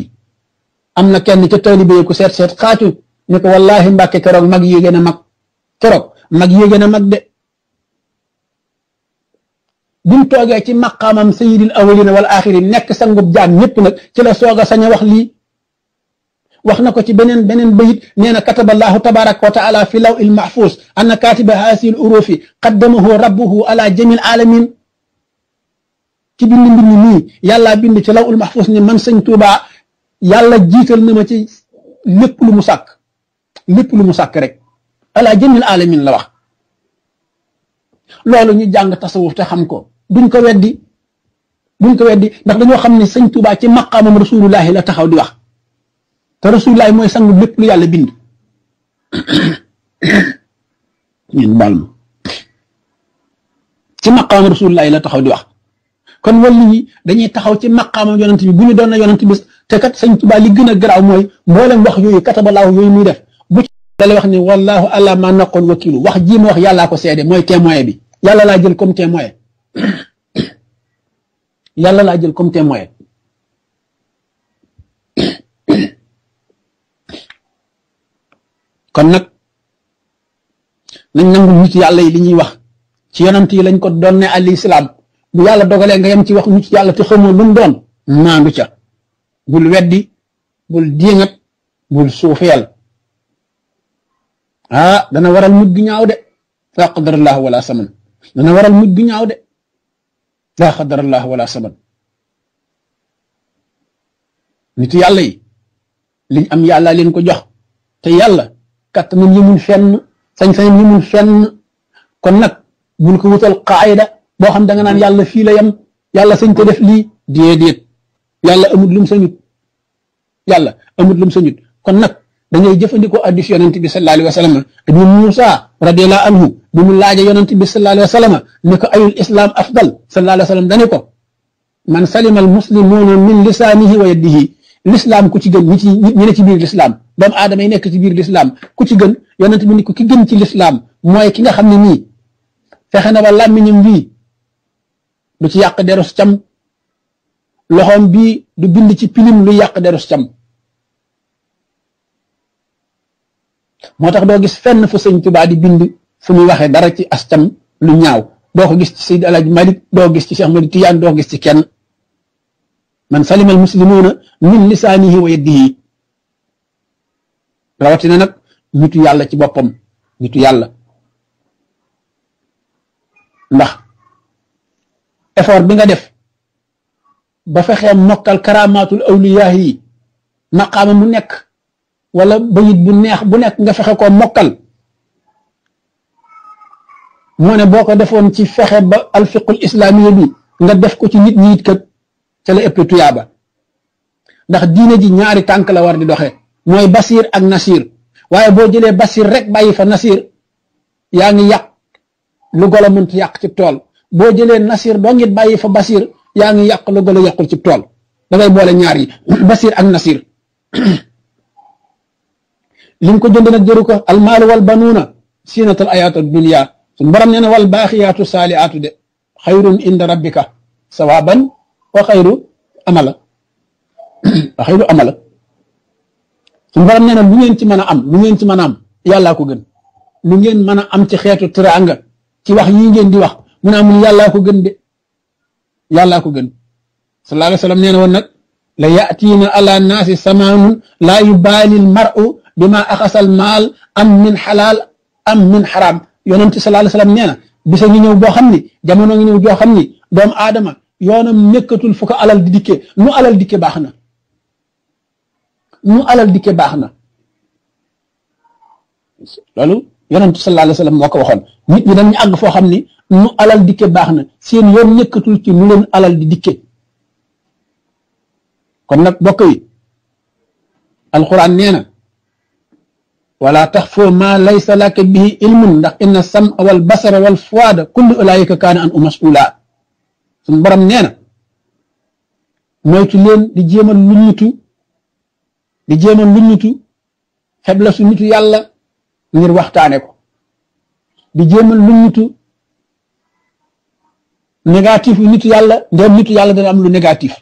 am na kenn ca taalibe yi ku seet seet xaatu ne ko wallaahi mbàkke keroog mag yi gën a mag keroog mag yi de bi mu toogee ci maqaamam sayyidil awwalina wal axirin nekk sangub jaam ñëpp nag ci la sooga a sañ wax lii wax na ko ci beneen beneen bayit nee na kataba allahu tabaraka wa taala fi law il mahfus anna katiba hasil urufi qaddamahu ala jamil alamin ci bind mbind nii yàllaa bind ci lawul mahfuus ni man sëñ Tuubaa yàlla jiital na ma ci lépp lu mu sàkk lépp lu mu sàkk rek ala jëmil alamin la wax loolu ñu jàng tasawuf te xam ko duñ ko weddi buñ ko weddi ndax dañoo xam ne sëñ Tuubaa ci maqaamam rasulullahi la taxaw di wax te rasulullahi mooy sangu lépp lu yàlla bind ñun baal ma ci maqaamam rasulullahi la taxaw di wax kon wàllu yi dañuy taxaw ci maqaamam yonent bi bu ñu doon na yonent bi te kat sëñ Tuubaa li gën a garaaw mooy mboolem wax yooyu katabalaaw yooyu muy def bu ci dala wax ni wallaahu allah ma wax jii wax yàllaa ko seede mooy témoin bi yàlla laa jël comme témoin yàlla laa jël comme témoin kon nag nañ nangu nit yàlla yi li ñuy wax ci yonent yi lañ ko doon ne alayhi salaam bu yàlla dogalee nga yem ci wax ñu ci yàlla te xamoo lu mu doon maandu ca bul weddi bul diingat bul suufeel ah dana waral mujj gu ñaaw de laa qadarallah wala saman dana waral mujj gu ñaaw de laa qadarallah wala saman nitu yàlla yi liñ am yàlla leen ko jox te yàlla kattanam yëmul fenn sañ-sañam yëmul fenn kon nag bul ko wutal qaayda boo xam da nga naan yàlla fii la yem yàlla sañ te def yàlla amut lum sañut yàlla amut lum sañut kon nag da jëfandikoo addis yonent bi sallallahu alayhi wa sallam dañu Muusa radiyallahu anhu bu mu laaja yonent bi sallallahu alayhi wa sallam ne ko ayul islam afdal sallallahu alayhi wa sallam dane ko man salima al muslimuna min lisaanihi wa yadihi l'islam ku ci gën ñi ci ne ci biir l'islam doomu aadama yi nekk ci biir l'islam ku ci gën yonent bi ni ko ki gën ci l'islam mooy ki nga xam ne nii fexe na ba làmmiñam bii du ci yàq derus cam loxoom bi du bind ci pilim lu yàq derus cam moo tax doo gis fenn fu sëñ Tuubaa di bind fu muy waxee dara ci as cam lu ñaaw doo ko gis ci Seydi Alaaji Malik doo gis ci Cheikh Madi doo gis ci kenn man salimal muslimuuna min lisaanihi wa yadihi rawatina nag nitu yàlla ci boppam nitu yàlla ndax effort bi nga def ba fexee mokkal karamaatul awliyaa yi maqaama mu nekk wala bayit bu neex bu nekk nga fexe koo mokkal moo ne boo ko defoon ci fexe ba alfiqul islaamiya bi nga def ko ci nit ñi it kat ca la ëpp tuyaaba ndax diine ji ñaari tànk la war di doxee mooy basiir ak nasiir waaye boo jëlee basir rek bàyyi fa nasir yaa ngi yàq lu golo mënut yàq ci tool boo jëlee nasir doo ngit bàyyi fa basir yaa ngi yàq lu gën a yàqul ci tool da ngay boole ñaar yi basir ak nasir li mu ko jënd nag jëru ko almaalu wal banuuna sinatal ayaatu dunia suñ borom nee na wal baaxiyaatu saaliaatu de xayrun inda rabbika sawaban wa xayru amala wa xayru amala suñ borom nee na lu ngeen ci mën a am lu ngeen ci mën a am yàllaa ko gën lu ngeen mën a am ci xeetu teraanga ci wax yi ngeen di wax mu ne amul yàllaa ko gën de yàllaa ko gën sallallahu alayhi wa sallam nee na woon nag la yaatiina ala naasi samaanun laa yubaalil mar'u bima axasal maal am min xalaal am min xaraam yonent sallallahu alayhi wa sallam nee na bisa ngi ñëw boo ni jamono ngi xam ni doomu aadama yoonam nekkatul fu alal di dikkee nu alal dikkee baax na nu alal dikkee baax na yonentu sallallahu alayhi wa sallam moo ko waxoon nit ñi dañu àgg foo xam ni nu alal dikke baax na seen yoon nekkatul ci nu leen alal di dikke kon nag bokk yi alquran nee na wala taxfu ma laysa laka bihi ilmun ndax inna sam wal basara wal fuwaada kullu ulaayika kaana an u masula suñ borom nee na moytu leen di jéemal luñutu di jéemal luñutu xebla su nitu yàlla ngir waxtaane ko di jéem a luñutu négatif nit yàlla ndem nit yàlla dana am lu négatif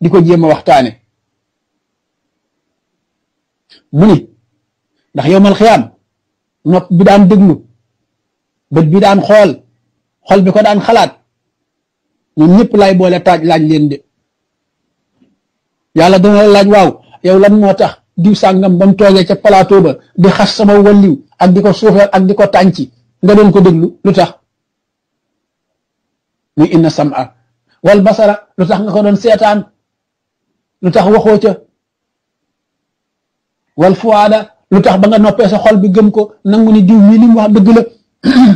di ko jéem a waxtaane mu ni ndax yowmal xiyaam nopp bi daan déglu bët bi daan xool xol bi ko daan xalaat ñoom ñëpp lay boole taaj laaj leen de yàlla dana laaj waaw yow lan moo tax diw sàngam ba mu toogee ca plateau ba di xas sama walliw ak di ko suufeel ak di ko tànci nga doon ko déglu lu tax muy inna sama wal basara lu tax nga ko doon seetaan lu tax waxoo ca wal fuwaada lu tax ba nga noppee sa xol bi gëm ko nangu ni diw mii li wax dëgg la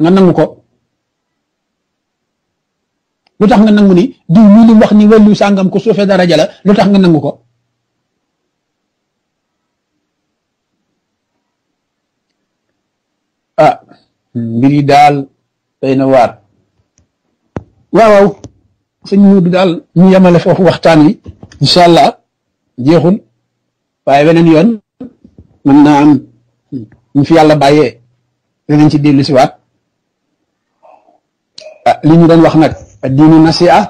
nga nangu ko lu tax nga nangu ni diw mii li mu wax ni wàllu sàngam ko suufee daraja la lu tax nga nangu ko ah yi daal day na waar waaw waaw sëñ Moodu daal ñu yemale foofu waxtaan wi incha allah jeexul waaye weneen yoon mën na am ñu fi yàlla bàyyee danañ ci dellu si waat ah li ñu doon wax nag diinu a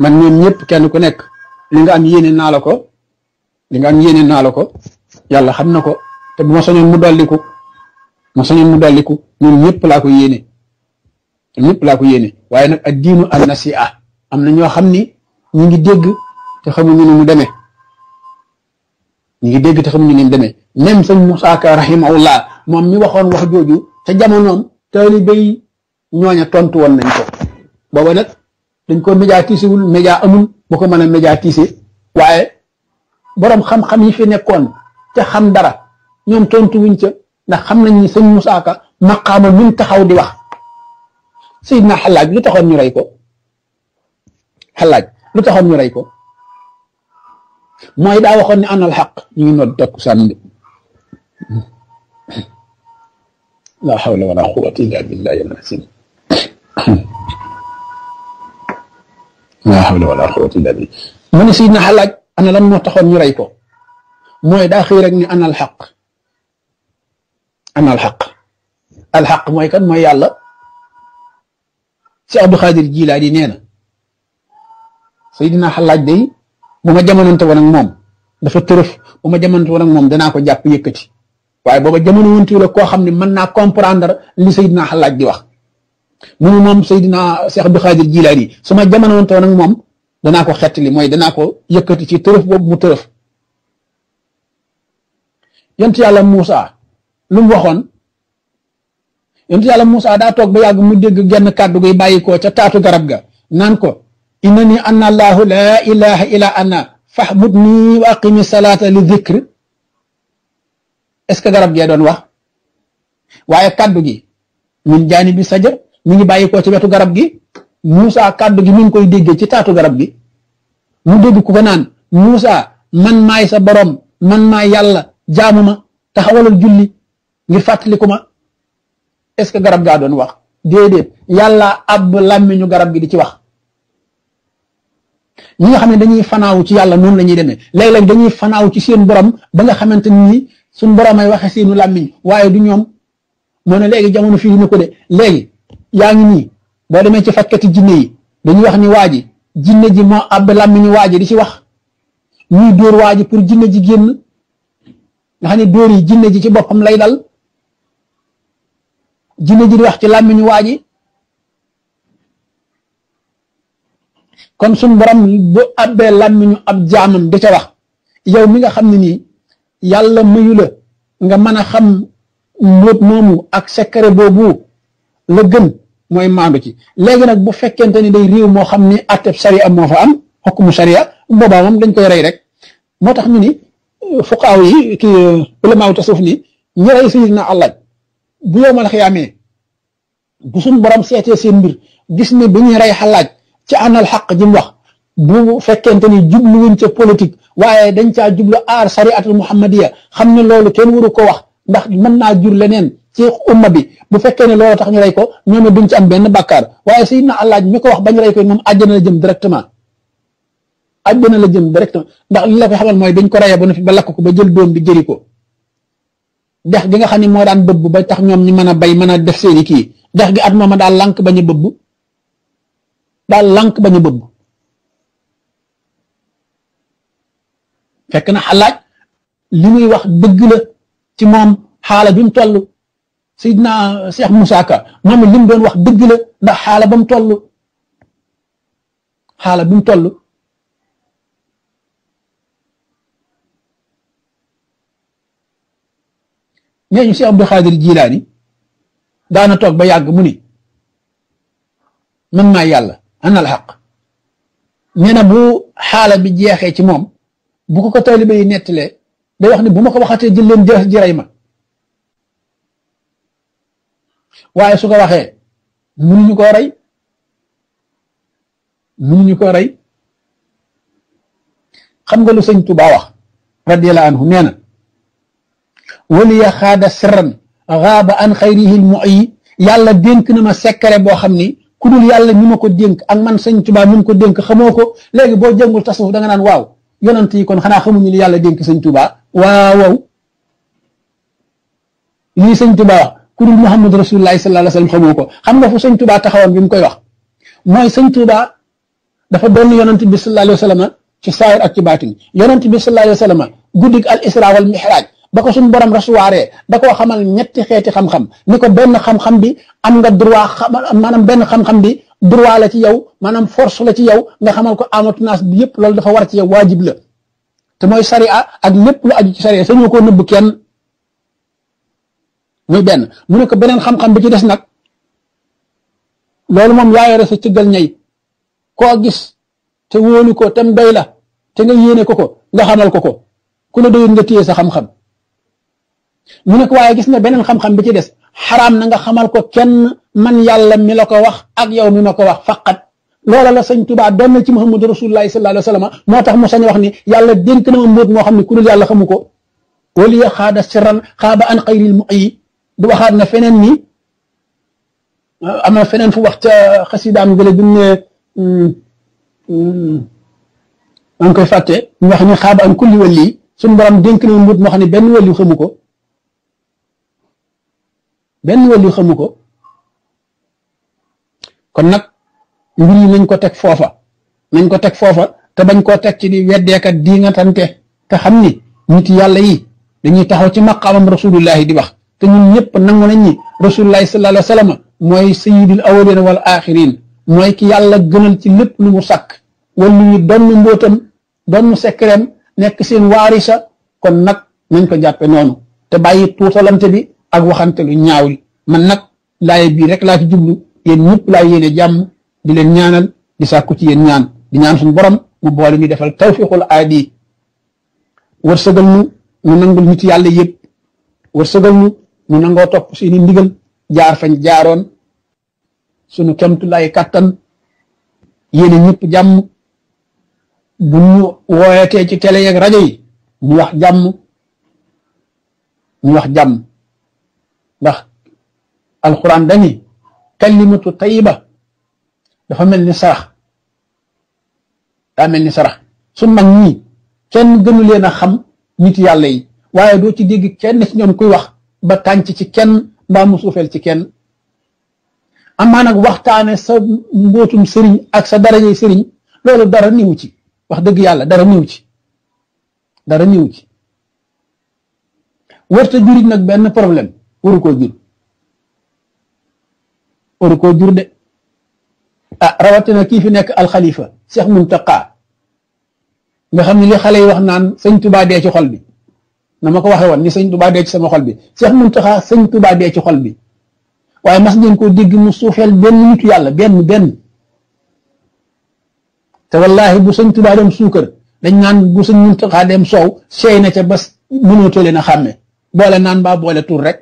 man ñoom ñëpp kenn ku nekk li nga am yéene naa ko li nga am yéene naa ko yàlla xam na ko te bu ma soñoon mu dolliku ma soñoon mu dolliku ñoom ñëpp laa ko yéene ñëpp laa ko yéene waaye nag ak diinu an nasiha am na ñoo xam ni ñu ngi dégg te xamuñu ni mu demee ñu ngi dégg te xamuñu ni mu demee même sëñ Moussa Ka rahimahullah moom mi waxoon wax jooju te jamonoom taalibe yi ñooña tontu woon nañ ko booba nag dañ ko médiatisewul média amul bu ko mën a médiatise waaye boroom xam-xam yi fi nekkoon te xam dara ñoom tontu wuñ ca. ndax xam nañ ni sëñ Moussa Ka maqaama buñ taxaw di wax Seydina Xalaaj lu taxoon ñu rey ko Xalaaj lu taxoon ñu rey ko mooy daa waxoon ne ana al xaq ñu ngi noot takku sànni la xawla wala quwwata illa billahi al azim la xawla wala quwwata illa billah mu ne Seydina Xalaaj ana lan moo taxoon ñu rey ko mooy daa xëy rek ni ana al ana alxaq alxaq mooy kan mooy yàlla si Abdou Xaadir Jilaani nee na Seydina Xallaaj day bu ma jamonante woon ak moom dafa tërëf bu ma jamonante woon ak moom danaa ko jàpp yëkkati waaye booba jamono wontuwul koo xam ni mën naa comprendre li Seydina Xallaaj di wax mu ne moom Seydina Cheikh Abdou Xaadir Jilaani su ma jamonante woon ak moom danaa ko li mooy danaa ko yëkkati ci tërëf boobu mu tërëf yonent yàlla Muusa lu mu waxoon yonent yàlla Moussa daa toog ba yàgg mu dégg genn kàddu gi bàyyi ko ca taatu garab ga naan ko innani anna allahu laa ilaha illa ana fahmud nii wa aqimi salaata li dikr est ce que garab gee doon wax waaye kàddu gi min jaani bi sajar mu ngi bàyyi ko ci wetu garab gi muusa kàddu gi mu koy déggee ci taatu garab gi mu dégg ku ko naan muusa man may sa borom man maay yàlla jaamu ma taxawalal julli ngir fàttaliku ma est ce que garab gaa doon wax déedéet yàlla ab làmmiñu garab gi di ci wax ñi nga xam ne dañuy fanaaw ci yàlla noonu la ñuy demee léeg-léeg dañuy fanaaw ci seen borom ba nga xamante ni suñ borom ay waxee seenu làmmiñ waaye du ñoom moo ne léegi jamono fii dina ko de léegi yaa ngi nii boo demee ci fajkati jinne yi dañuy wax ni waa ji jinne ji moo àbb làmmiñu waa ji di ci wax ñuy dóor waa ji pour jinne ji génn nga xam ne dóor yi jinne ji ci boppam lay dal jinne ji di wax ci làmmiñu waa ji kon suñ borom bu abbee làmmiñu ab jaamam di ca wax yow mi nga xam ne nii yàlla mayu la nga mën a xam mbóot moomu ak secret boobu la gën mooy maandu ci léegi nag bu fekkente ni day réew moo xam ni atteb sariya moo fa am xokkumu sariya boobaa moom dañ koy rey rek moo tax ñu ni fuqaaw yi kii ulamaaw tasawuf ni ñu rey sayidna Allah bu yowmal xiyaamee bu suñ borom seetee seen mbir gis ne bi ñuy rey xalaaj ci àndal xaq ji mu wax bu fekkente ni jubluwuñ ca politique waaye dañ caa jublu aar sariatul muhammadiya xam ne loolu kenn waru ko wax ndax mën naa jur leneen ci umma bi bu fekkee ne loolu tax ñu rey ko ñoom duñ ci am benn bàkkaar waaye si sayyidna allaaj mi ko wax bañ rey ko moom àjjana la jëm directement àjjana la jëm directement ndax li la ko xamal mooy dañ ko reye ba na fi ba ko ba jël doom bi jëri ko dex gi nga xam ne moo daan bëbb ba tax ñoom ñu mën a bay mën a def seeni kii dex gi at moom a daal lànk ba ñu bëbb daal lank ba ñu bëbb fekk na xalaaj li muy wax dëgg la ci moom xaala bi mu toll Seydina Cheikh Moussa Ka moom li doon wax dëgg la ndax xaala ba mu toll xaala bi mu toll ñu si Abdou Xaadir Jilaani daana toog ba yàgg mu ni man maa yàlla ana al xaq bu xaala bi jeexee ci moom bu ko ko taalibe yi nettalee day wax ne bu ma ko waxatee jël leen jë jëray ma waaye su ko waxee mënuñu koo rey mënuñu koo rey xam nga lu sëñ Tuubaa wax radiyallahu anhu nee na waliya xaada sirran xaaba an xayrihil mu yi yàlla dénk na ma sekkare boo xam ni ku dul yàlla mi ma ko dénk ak man sëñ Tuubaa mi ko dénk xamoo ko léegi boo jëngul tasawuf da nga naan waaw yonent yi kon xanaa xamuñu li yàlla dénk sëñ Tuubaa waaw waaw lii sëñ Tuubaa ku dul Muhammad Rasulullaahi sallallaahu alayhi wa sallam ko xam nga fu sëñ Tuubaa taxawoon bi mu koy wax mooy sëñ Tuubaa dafa doon yonent bi sallallaahu alayhi wa ci saayir ak ci baatin yonent bi sallallaahu alayhi ba ko suñ borom recevoiree da koo xamal ñetti xeeti xam-xam ni ko benn xam-xam bi am nga droit maanaam benn xam-xam bi droit la ci yow maanaam force la ci yow nga xamal ko amatunaas bi yëpp loolu dafa war ci yow waajib la te mooy sariya ak lépp lu aju ci sariya sañoo ko nëbb kenn muy benn mu nekk beneen xam-xam bi ci des nag loolu moom yaa yore sa cëggal ñay koo gis te wóolu ko tam doy la te nga yéene ko ko nga xamal ko ko ku ne doyul nga téye sa xam-xam mu ne ko waaye gis nga beneen xam-xam bi ci des xaraam na nga xamal ko kenn man yàlla mi la ko wax ak yow mi ma ko wax faqat loola la sëñ Tuubaa doon na ci Muhammadu Rasulullaahi sallallaahu alayhi wa sallam moo tax mu sañ wax ni yàlla dénk na ma moo xam ne ku xamu ko waliya xaada sirran xaaba an xayril mu yi du na feneen ni am feneen fu wax ca xasidaam gële bi mu ne maa ngi koy fàtte ñu wax ni xaaba an kulli wali suñu borom dénk na ma moo xam ne benn wali xamu ko benn wàllu xamu ko kon nag mbir yi nañ ko teg foofa nañ ko teg foofa te bañ koo teg ci di weddeekat di nga tante te xam ni nit yàlla yi dañuy taxaw ci maqaamam rasulullahi di wax te ñun ñëpp nangu nañ ñi rasulullahi sallallahu alayhi wa sallam mooy sayidul awalin wal axirin mooy ki yàlla gënal ci lépp lu mu sàkk wala ñu donn mbóotam donn sekkereem nekk seen waarisa kon nag nañ ko jàppe noonu te bàyyi tuutalante bi ak waxante lu ñaaw li man nag laaye bii rek laa ci jublu yéen ñëpp laa yéene jàmm di leen ñaanal di sàkku ci yéen ñaan di ñaan suñu borom mu boole ñu defal tawfiqul aadi wërsëgal ñu mu nangul nit yàlla yëpp wërsëgal ñu mu nangoo topp seeni ndigal jaar fañ jaaroon suñu kemtu lay kàttan yéene ñëpp jàmm bu ñu wooyatee ci télé yeeg rajo yi ñu wax jàmm ñu wax jàmm ndax alquran dañi kalimatu tayiba dafa mel ni sarax daa mel ni sarax su mag ñii kenn gënu leen a xam nit yàlla yi waaye doo ci dégg kenn ci ñoom kuy wax ba tànc ci kenn mbaa mu ci kenn amaa nag waxtaane sa mbootum sëriñ ak sa darajey sëriñ loolu dara niwu ci wax dëgg yàlla dara niwu ci dara niwu ci wërta jurit nag benn problème waru koo jur waru koo jur de ah rawatina kii fi nekk alxalifa Cheikh Muntaqa nga xam ne li xale yi wax naan sëñ Tuubaa dee ci xol bi na ma ko waxe woon ni sëñ Tuubaa dee ci sama xol bi Cheikh Muntaqa sëñ Tuubaa dee ci xol bi waaye mas ngeen koo dégg mu suufeel benn nitu yàlla benn benn te wallahi bu sëñ Tuubaa dem suukar dañ naan bu sëñ Muntaqa dem soow seey na ca bas mënoo tolee na xàmme boole naan mbaa boole tur rek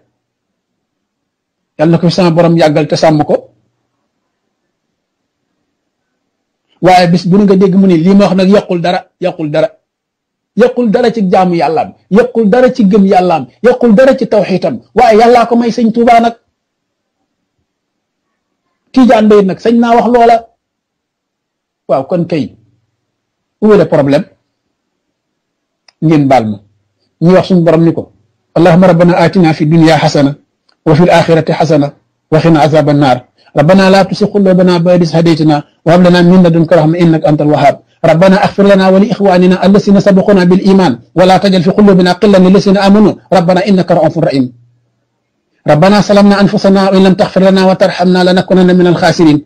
yàlla na ko fi sama borom yàggal te sàmm ko waaye bis bu nga dégg mu ni lii wax nag yàqul dara yàqul dara yàqul dara ci jaamu yàllaam yàqul dara ci gëm yàllaam yàqul dara ci tawxiitam waaye yàllaa ko may sëñ Tuubaa nag Tijaan Bay nag sañ naa wax loola waaw kon kay où est le problème ngeen baal ma ñu wax suñu borom ni ko allahumma rabbana atina fi dunya hasana wa fi l-aaxirati xasana wa qinaa azaaba naar rabbanaa laa tuzigh quluubanaa ba'da idh hadaytanaa wa hab lanaa min ladunka rahma innaka anta al-wahhaab rabbanaa ighfir lanaa wa li ixwaaninaa allaziina sabaquunaa bil iimaan wa laa tajal fii quluubinaa qillan lillaziina aamanuu rabbanaa innaka ra'uufun rahiim rabbanaa zalamnaa anfusanaa wa in lam taghfir lanaa wa tarhamnaa lanakuunanna mina al-xaasiriin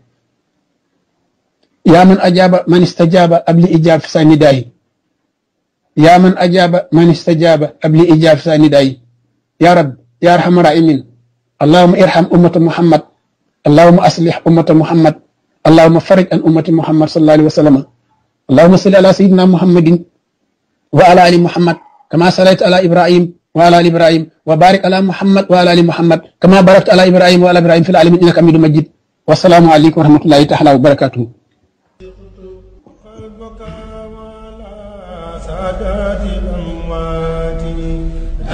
yaa man ajaaba man istajaaba ab li ijaab fi saa nidaayi yaa man ajaaba man istajaaba ab li ijaab fi saa nidaayi yaa rab yaa arhamar raahimiin allahuma irham ummata muhammad allahuma aslih ummata muhammad allahuma farij an ummati muhammad sallallahu alayhi wa sallam allahuma salli ala sayyidina muhammadin wa ala ali muhammad kama salayta ala ibrahim wa ala ali ibrahim wa barik ala muhammad wa ala ali muhammad kama barakta ala ibrahim wa ala ibrahim fil alamin innaka hamidum majid wa salaamu alaykum wa rahmatullahi ta'ala wa barakatuh ساداتي